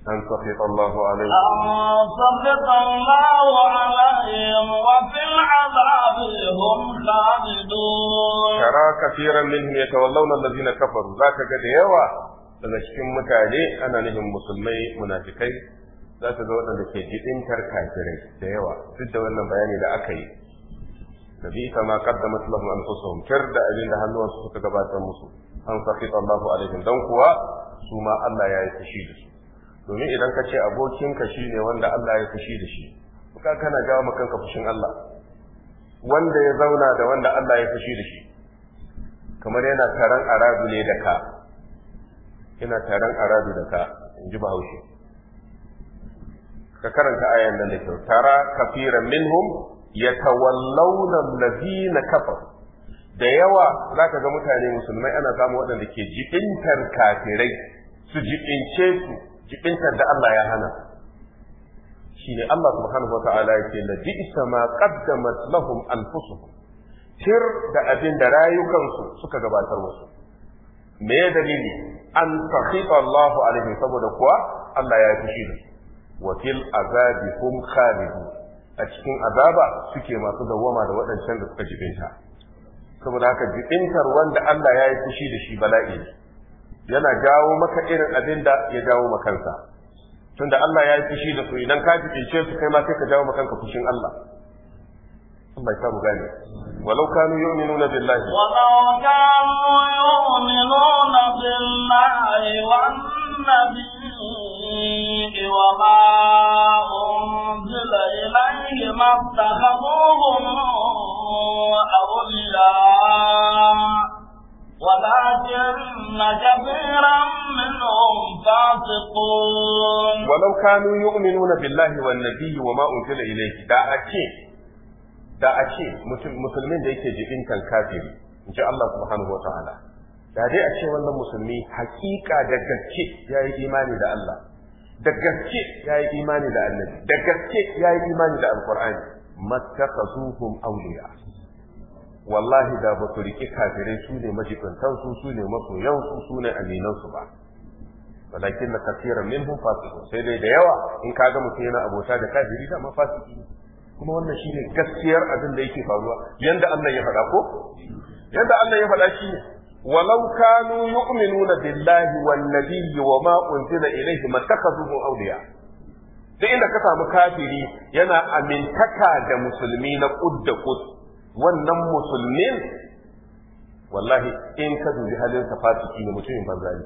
أن سخط الله عليهم أن سخط الله عليهم وفي العذاب هم خالدون ترى كثيرا منهم يتولون الذين كفروا ذاك قد يوى daga cikin mutane ana nufin musulmai munafikai za ka ga waɗanda ke jiɗintar kafirai da yawa duk da wannan bayani da aka yi da bi ma qaddamat lahum anfusuhum kar da abin da hannuwansu suka gabatar musu an sakita Allahu alaihim dan kuwa su ma Allah ya yi fushi da su domin idan ka ce abokinka shine wanda Allah ya fushi da shi ka kana jawo ma kanka fushin Allah wanda ya zauna da wanda Allah ya fushi da shi kamar yana taron arabu ne da ka ina taron aradu da ka in ji bahaushe ka karanta ayan nan da kyau tara kafiran minhum yatawallawna allazina kafar da yawa zaka ga mutane musulmai ana samu waɗanda ke jibintar kafirai su jibince su jibintar da Allah ya hana Shi ne Allah subhanahu wataala ce la bi'sa ma qaddamat lahum anfusuhum tir da abin da rayukansu suka gabatar wasu. me dalili an tafi Allahu alaihi saboda kuwa Allah ya fushi da su wa azabi hum khalidun a cikin azaba suke masu dawwama da waɗancan da suka jibinta saboda haka jibintar wanda Allah ya yi fushi da shi bala'i yana jawo maka irin abin da ya jawo makansa tunda Allah ya yi fushi da su idan ka jibince su kai ma sai ka jawo makanka fushin Allah Allah ya ذلك ولو كانوا يؤمنون بالله ولو كانوا يؤمنون بالله والنبي وما أنزل إليه ما اتخذوهم أولياء ولكن كثيرا منهم فاسقون ولو كانوا يؤمنون بالله والنبي وما أنزل إليه دعاكين da a ce musulmin da yake jibintan kafiri in ji Allah subhanahu wa ta'ala da dai a ce wannan musulmi hakika da gaske ya yi imani da Allah da gaske ya yi imani da annabi da gaske ya yi imani da alqur'ani mattakazuhum awliya wallahi da ba su riƙi kafirai su ne majibantan su ne yau su ne aminansu ba walakin na kafiran minhum fasiqun sai dai da yawa in kaga mutum yana abota da kafiri da ma kuma wannan shine gaskiyar abin da yake faruwa yanda Allah ya faɗa ko yanda Allah ya faɗa shine walau kanu yu'minuna billahi wan nabiyyi wa ma unzila ilayhi mattakhazuhu awliya duk inda ka samu kafiri yana amintaka da musulmi na kudda kud wannan musulmin wallahi in ka dubi halin sa fasiki ne mutumin banza ne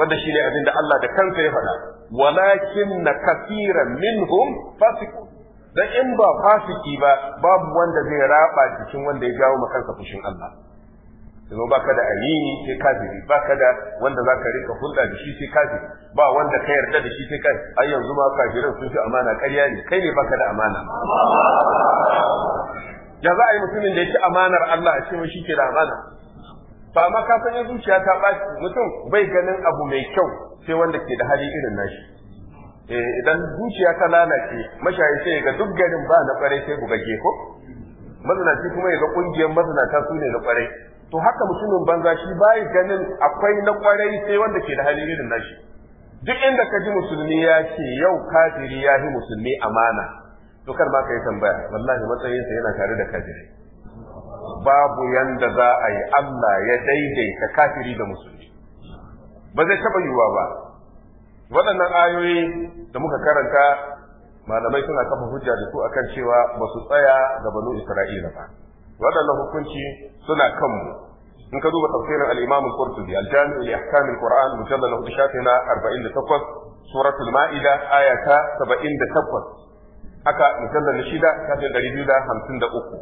wanda shine abin da Allah da kansa ya faɗa walakin na kafiran minhum fasikun dan in ba fasiki ba babu wanda zai raba cikin wanda ya jawo kansa fushin Allah yanzu ba ka da alini sai kafiri ba ka da wanda za ka rika hulɗa da shi sai kafiri ba wanda ka yarda da shi sai kai ai yanzu ma kafirin sun fi amana ƙarya ne kai ne baka da amana ya za a yi mutumin da ya ci amanar Allah a ce shi ke da amana ba ma ka san zuciya ta ɓaci mutum bai ganin abu mai kyau sai wanda ke da hali irin nashi Eh, idan zuciya ta lalace mashayi sai ga duk garin ba na kwarai sai bugagge ko mazinaci kuma ya kungiyar mazinata su ne na kwarai to haka mutumin banza shi bai ganin akwai na kwarai sai wanda ke da hali irin nashi duk inda ka ji musulmi ya ce yau kafiri ya yi musulmi amana to kar ma ka yi tambaya wallahi matsayinsa yana tare da kafiri babu yanda za a yi Allah ya daidaita kafiri da musulmi ba zai taɓa yiwuwa ba waɗannan ayoyi da muka karanta malamai suna kafa hujja da su akan cewa ba su tsaya ga banu isra'ila ba waɗannan hukunci suna kanmu in ka duba tafsirin al-imam al-qurtubi al-jami' li ahkam al-qur'an mujallal 4 shafina 48 suratul ma'ida ayata 78 aka mujallal 6 shafin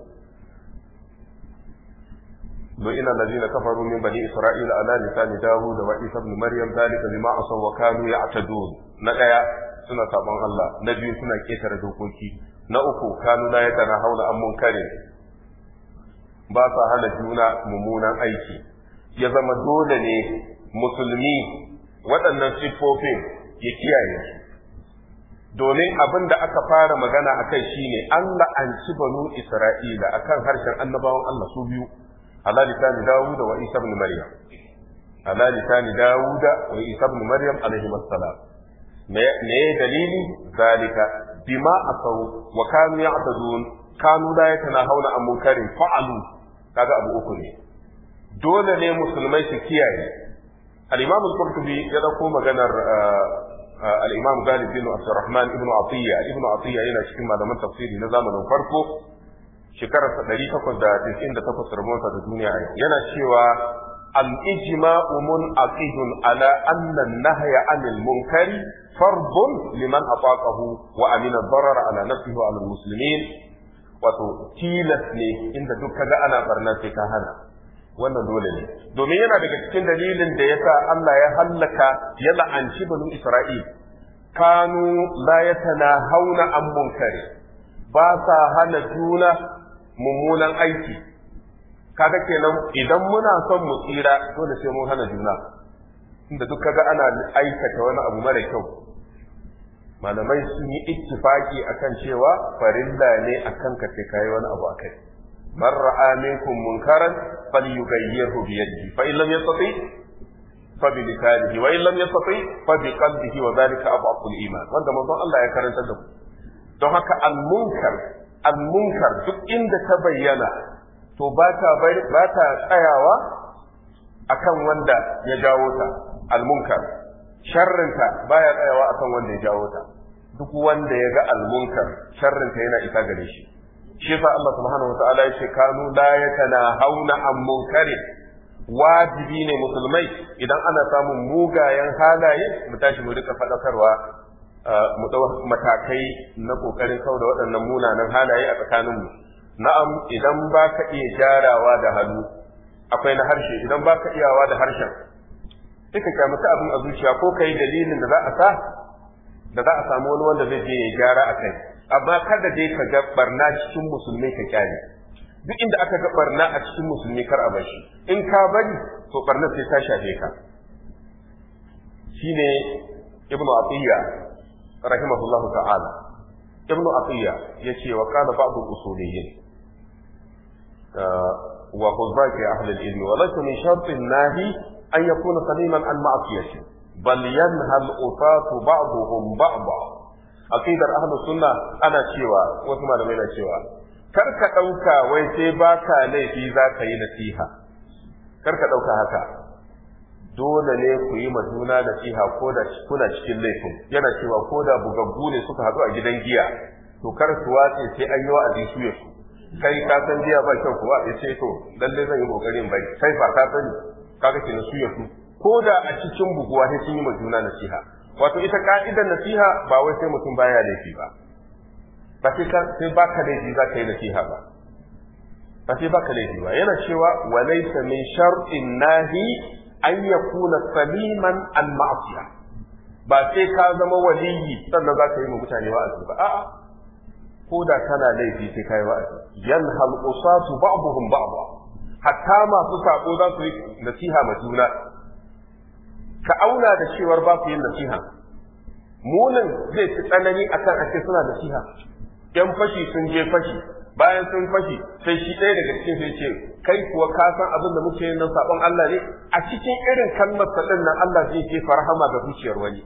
253 لئن الذين كفروا من بني إسرائيل على لسان داود وعيسى بن مريم ذلك بما عصوا وكانوا يعتدون نقيا سنة طبعا الله نبي سنة كيسر دوكوكي نأكو كانوا لا يتناهون عن منكر باسا هل جونا ممونا أيكي يزم دولني مسلمي waɗannan siffofin ya kiyaye su domin abin da aka fara magana a kai shine an la'anci banu isra'ila akan harshen annabawan Allah su biyu على لسان داود وعيسى بن مريم على لسان داود وعيسى بن مريم عليهما السلام ما دليل ذلك بما أصوا وكانوا يعتدون كانوا لا يتناهون عن منكر فعلوا هذا أبو أكري دون لي مسلمي سكياي الإمام القرطبي يدقو مجانا آه، آه، الإمام غالب بن عبد الرحمن ابن عطية ابن عطية إلى شكما لمن تفصيل نظام الفرق shekararsa ɗari takwas da takwas duniya yana cewa al ijma'u munaqidun ala anna an-nahya 'anil munkari fardun liman ataqahu wa amina darara ala nafsihi wa 'ala muslimin wato tilas ne inda duk kaga ana barna sai ka hana wannan dole ne domin yana daga cikin dalilin da yasa Allah ya hallaka ya la'anci banu Isra'il kanu la yatanahawna an munkari ba sa hana juna mummunan aiki kaga kenan idan muna son mu tsira dole sai mun hana juna inda duk kaga ana aikata wani abu mara kyau malamai sun yi ittifaki akan cewa farilla ne akan ka sai kai wani abu akai man ra'a minkum munkaran falyughayyirhu bi yadihi fa in lam yastati fa bi lisanihi wa in lam yastati fa bi qalbihi wa dhalika adhafu al-iman wanda manzon Allah ya karanta da ku. don haka al-munkar al-munkar duk inda ta bayyana to ba ta ba ta tsayawa akan wanda ya jawo ta al-munkar sharrinta baya tsayawa akan wanda ya jawo ta duk wanda ya ga al-munkar sharrinta yana isa gare shi shi fa Allah subhanahu wataala ya ce kanu la hauna al munkarin wajibi ne musulmai idan ana samun mugayen halaye mu tashi mu rika faɗakarwa mu dau matakai na kokarin da waɗannan munanan halaye a tsakaninmu na'am idan ba ka iya gyarawa da hannu akwai na harshe idan ba ka iyawa da harshen sai ka kyamata abin a zuciya ko kai dalilin da za a sa da za a samu wani wanda zai je ya gyara a kai amma kada dai ka ga barna cikin musulmi ka kyale duk inda aka ga barna a cikin musulmi kar a bashi in ka bari to barna sai ta shafe ka shine ibnu atiyya رحمه الله تعالى ابن عطية يشي وكان بعض الأصوليين آه، يا أهل الإذن ولكن من شرط الناهي أن يكون سليما عن معصية بل ينهى الأطاة بعضهم بعضا أكيد أهل السنة أنا شيوا وثمان من شيوا كرك أوكا ويتيباكا ليتي ذاك ينسيها كرك أوكا هكا dole ne ku yi ma juna nasiha ko da kuna cikin laifin yana cewa ko da bugaggu ne suka haɗu a gidan giya to kar su watse sai an yi wa'azi su ya su kai ka san giya ba kyau kuwa ya ce to lalle zan yi kokarin bai Sai fa ka sani kaga na su ya su ko da a cikin buguwa sai sun yi ma juna na nasiha wato ita ka'idar nasiha ba wai sai mutum baya laifi ba ba sai ka sai laifi za ka yi nasiha ba ba sai baka laifi ba yana cewa wa min shar'in nahi an ya kuna saliman an ma'asiya ba sai ka zama waliyi sannan za ka yi mutane wa ba a'a ko da kana laifi sai ka yi kai su ba buhun ba ba'dha hatta masu sako za su yi nasiha ma juna ka auna da cewar ba su yin nasiha munin zai fi tsanani akan ake suna nasiha yan fashi sun je fashi bayan sun fashi sai shi ɗaya daga cikin sai ce kai kuwa ka san abin da muke nan sabon Allah ne a cikin irin kalmar sadin nan Allah zai ke farhama ga zuciyar wani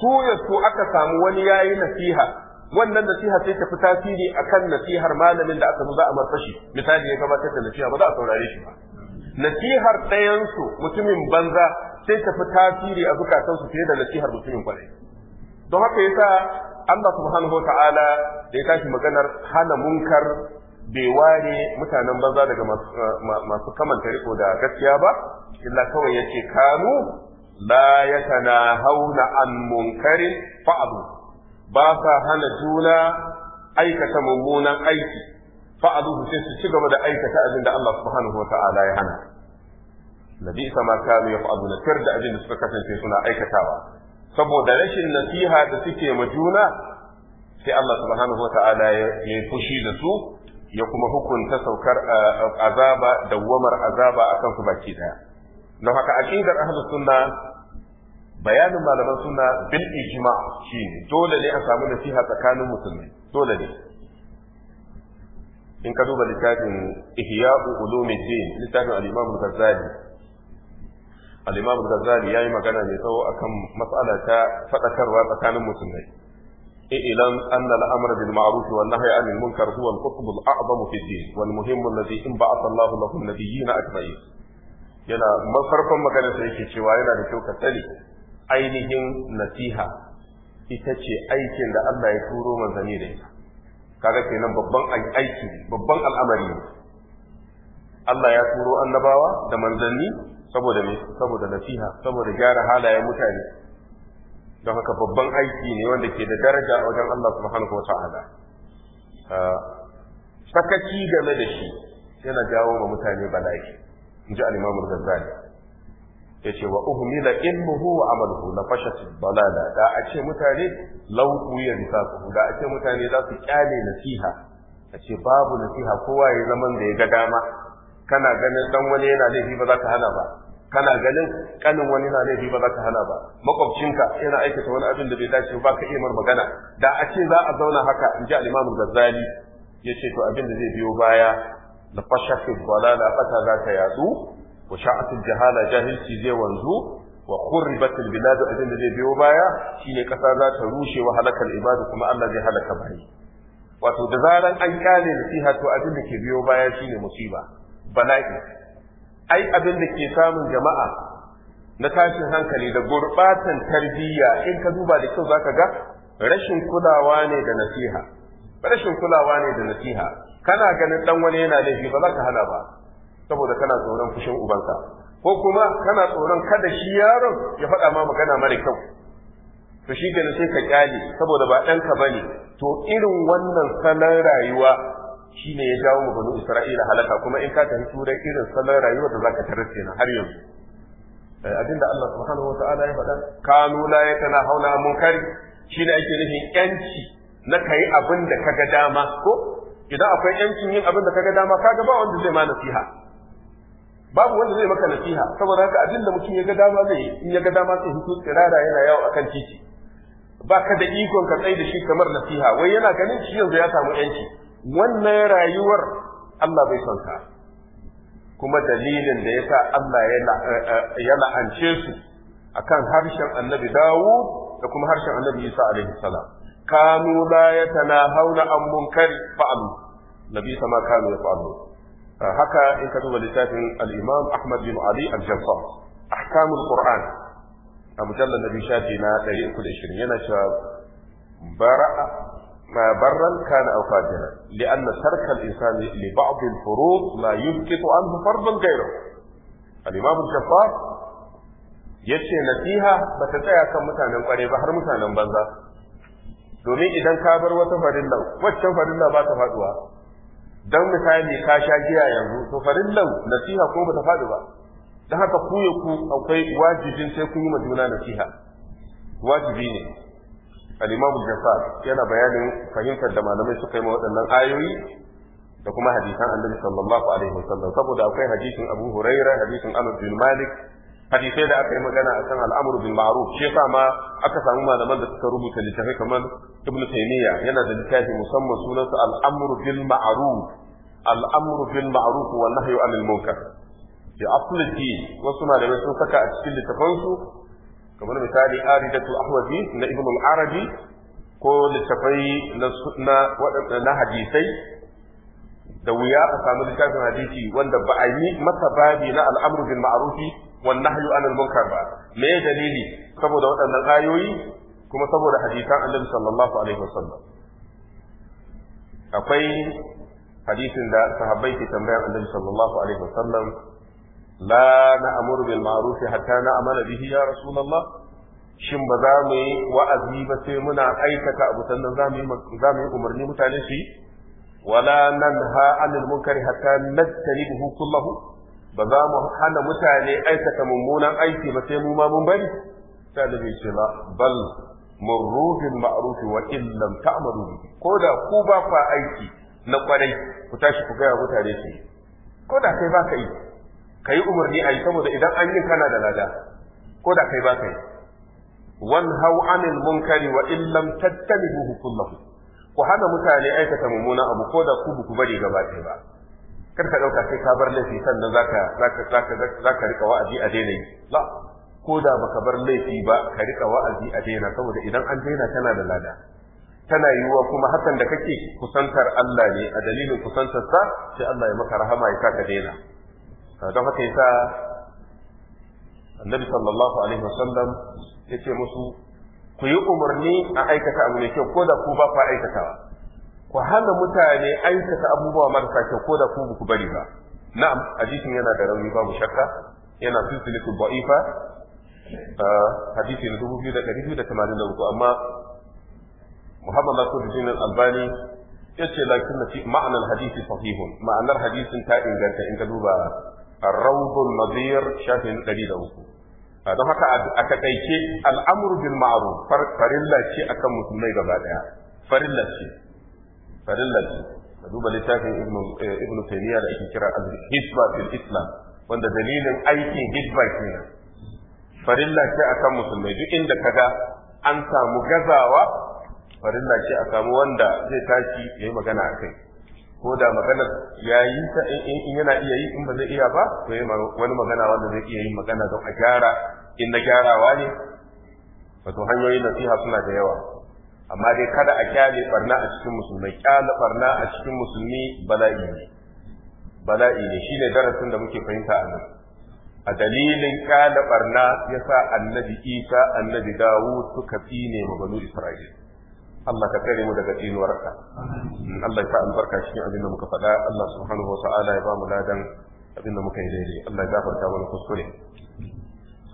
su ya su aka samu wani yayi nasiha wannan nasiha sai ta fi tasiri akan nasihar malamin da aka zo za a marfashi misali ya kamata da nasiha ba za a saurare shi ba nasihar ɗayansu mutumin banza sai ta fi tasiri a zukatansu fiye da nasihar mutumin kwarai don haka yasa Allah subhanahu ta'ala da ya tashi maganar hana munkar bai ware mutanen banza daga masu kamanta riko da gaskiya ba illa kawai yace kanu la yatanahawna an munkari fa'alu ba sa hana juna aikata mummunan aiki fa'alu sai su ci gaba da aikata abin da Allah subhanahu ta'ala ya hana nabi sama kanu ya fa'alu da abin da suka kasance suna aikatawa saboda rashin nasiha da suke ma juna sai Allah subhanahu wata'ala ya fushi da su ya kuma hukunta saukar azaba dawwamar azaba akan kansu baki daya don haka aqidar ahlus sunna bayanin malaman sunna bil ijma shine dole ne a samu nasiha tsakanin musulmi dole ne in ka duba littafin ihya'u ulumuddin littafin al-imam al al-imam al-ghazali yayi magana ne tsawo akan mas'ala ta fadakarwa tsakanin musulmai ilam anna al-amr bil ma'ruf wa nahy 'anil munkar huwa al-qutb al-a'zam fi din wal muhim alladhi in ba'atha Allah lahu nabiyyin ajma'in yana mafarkon magana sai yake cewa yana da kyau ka sani ainihin nasiha ita ce aikin da Allah ya turo manzanni da ita kaga kenan babban aiki babban al'amari Allah ya turo annabawa da manzanni saboda me saboda nasiha saboda gyara halayen mutane don haka babban aiki ne wanda ke da daraja a wajen Allah subhanahu wata'ala ah, sakaci game da shi yana jawo wa mutane bala'i in ji al-Imam Ghazali yace wa uhmila ilmuhu wa amaluhu na fashat balala da a ce mutane law ya risaku da a ce mutane za su kyale nasiha a ce babu nasiha kowa ya zaman da ya ga dama kana ganin dan wani yana laifi ba za ka hana ba kana ganin kanin wani na laifi ba za ka hana ba makwabcinka yana aikata wani abin da bai dace ba ka iya magana da a ce za a zauna haka in ji al-Imam ya ce to abin da zai biyo baya da fashaki da fata za ta yatsu wa sha'atul jahala jahilci zai wanzu wa qurbat al-bilad abin da zai biyo baya shine kasa za ta rushe wa halakal ibadu kuma Allah zai halaka bari wato da zaran an kyale nasiha to abin da ke biyo baya shine musiba bala'i ai abin da ke samun jama'a na tashin hankali da gurbatan tarbiyya in ka duba da kyau zaka ga rashin kulawa ne da nasiha rashin kulawa ne da nasiha kana ganin dan wani yana laifi ba za ka hana ba saboda kana tsoron fushin ubanka ko kuma kana tsoron kada shi yaron ya faɗa ma magana mara kyau to shi ne sai ka kyale saboda ba ɗanka bane to irin wannan salon rayuwa shi ne ya jawo mu Isra'ila halaka kuma in ka tafi turai irin salon rayuwar da zaka tarar kenan har yanzu eh, abinda Allah subhanahu wata'ala ya faɗa kanu la yakana hauna munkari ne ake nufin yanci na kai abin da kaga dama ko idan akwai yancin yin abin da kaga dama kaga ba wanda zai ma nasiha babu wanda zai maka nasiha saboda haka abin da mutum ya ga dama zai yi in ya ga dama sai hutu tsirara yana yawo akan titi ba ka da ikon ka tsaye da shi kamar nasiha wai yana ganin shi yanzu ya samu yanci wannan rayuwar Allah bai son ka kuma dalilin da yasa Allah eh, eh, ya la'ance su akan harshen Annabi Dawud da kuma harshen Annabi Isa alaihi salam kanu la yatanahawna an munkari fa'alu nabi sama kanu yaf'alu eh, haka in ka duba littafin al-Imam Ahmad bin Ali al-Jassar ahkamul Qur'an a mujallal nabi shafi na 320 yana cewa bara'a ما برا كان أو فاجرا لأن ترك الإنسان لبعض الفروض لا يسقط عنه فرضا غيره الإمام الجبار yace nasiha ba ta tsaya kan mutanen kware ba har mutanen banza domin idan ka bar wata farilla waccan farilla ba ta faduwa dan misali ka sha giya yanzu to farillan nasiha ko ba ta fadu ba dan haka ku ya ku akwai wajibin sai kun yi ma juna nasiha wajibi ne al-imam yana bayanin fahimtar da malamai suka yi ma waɗannan ayoyi da kuma hadisan annabi sallallahu alaihi wasallam saboda akwai hadisin abu huraira hadisin anas bin malik hadisai da aka yi magana akan al'amru bil ma'ruf shi yasa ma aka samu malaman da suka rubuta littafai kamar ibn taymiya yana da littafi musamman sunansa al'amru bil ma'ruf al'amru bil ma'ruf wa nahyu anil munkar bi asli wasu malamai sun saka a cikin littafansu kamar misali aridatu ahwazi na ibn al-arabi ko littafai na hadisai da wuya a samu littafin hadisi wanda ba a yi masa babi na al'amru bin ma'rufi wan nahyu anil munkar ba me dalili saboda waɗannan ayoyi kuma saboda hadisan annabi sallallahu alaihi wasallam akwai hadisin da sahabbai ke tambayar annabi sallallahu alaihi wasallam la na'muru bil ma'ruf hatta na'mala bihi ya rasulullah shin ba za mu yi wa'azi ba sai muna aikata abu sannan za mu yi umarni mutane su yi wala nanha 'anil munkari hatta najtanibuhu kullahu ba za mu hana mutane aikata mummunan aiki ba sai mu ma mun bari sai da ce ba bal murru bil ma'ruf wa in lam ko da ku ba fa aiki na kwarai ku tashi ku ga mutane su ko da kai ba ka yi Ka yi umarni ayi saboda idan an yi kana da lada ko da kai ba wan hau anil munkari wa illam tattabihu kullahu ku hana mutane aikata mummunan abu ko da ku ku bari gaba ɗaya ba kar ka ɗauka sai ka bar laifi sannan za ka zaka wa'azi a daina yi la ko da baka bar laifi ba ka rika wa'azi a daina saboda idan an daina tana da lada tana yiwuwa kuma hakan da kake kusantar Allah ne a dalilin kusantar sa sai Allah ya maka rahama ya ka daina Eh, don haka sa, annabi sallallahu alaihi wasallam ya ce musu ku yi umarni a aikata abu mai kyau ko da ku ba ku aikatawa ku hana mutane aikata abubuwa marasa kyau ko da ku ba ku bari ba na'am hadisin yana da rauni babu shakka yana silsilatu da'ifa eh, hadisi na dubu biyu da ɗari da tamanin da uku amma muhammad nasiruddin albani ya ce lakin na fi ma'anar hadisi sahihun ma'anar hadisin ta inganta in ka duba rawdun nadir shafin 103 don haka a takaice al'amru bil ma'ruf farilla akan musulmai gaba daya farilla ce farilla ce ka duba littafin ibnu taymiya da ake kira al-hisba fil islam wanda dalilin aikin hisba kenan farilla ce akan musulmai duk inda kaga an samu gazawa farilla ce a wanda zai tashi yayi magana akai ko da maganar ya yi ta in yana iya yi in ba zai iya ba to yi wani magana wanda zai iya yin magana don a gyara in na gyarawa ne wato hanyoyin nasiha suna da yawa amma dai kada a kyale barna a cikin musulmi, kyale barna a cikin musulmi bala'i ne bala'i ne shine darasin da muke fahimta a nan a dalilin kyale barna yasa annabi isa annabi dawud suka tsine ma banu isra'ila Allah ka kare mu daga tsinuwarka Allah ya sa albarka cikin abin da muka faɗa Allah subhanahu wa ta'ala ya ba mu ladan abin da muka yi daidai Allah ya gafarta mana kuskure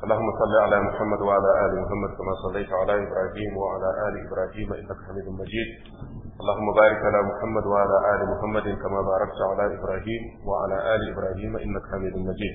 اللهم صل على محمد وعلى ال محمد كما صليت على ابراهيم وعلى ال ابراهيم انك حميد مجيد اللهم بارك على محمد وعلى ال محمد كما باركت على ابراهيم وعلى ال ابراهيم انك حميد مجيد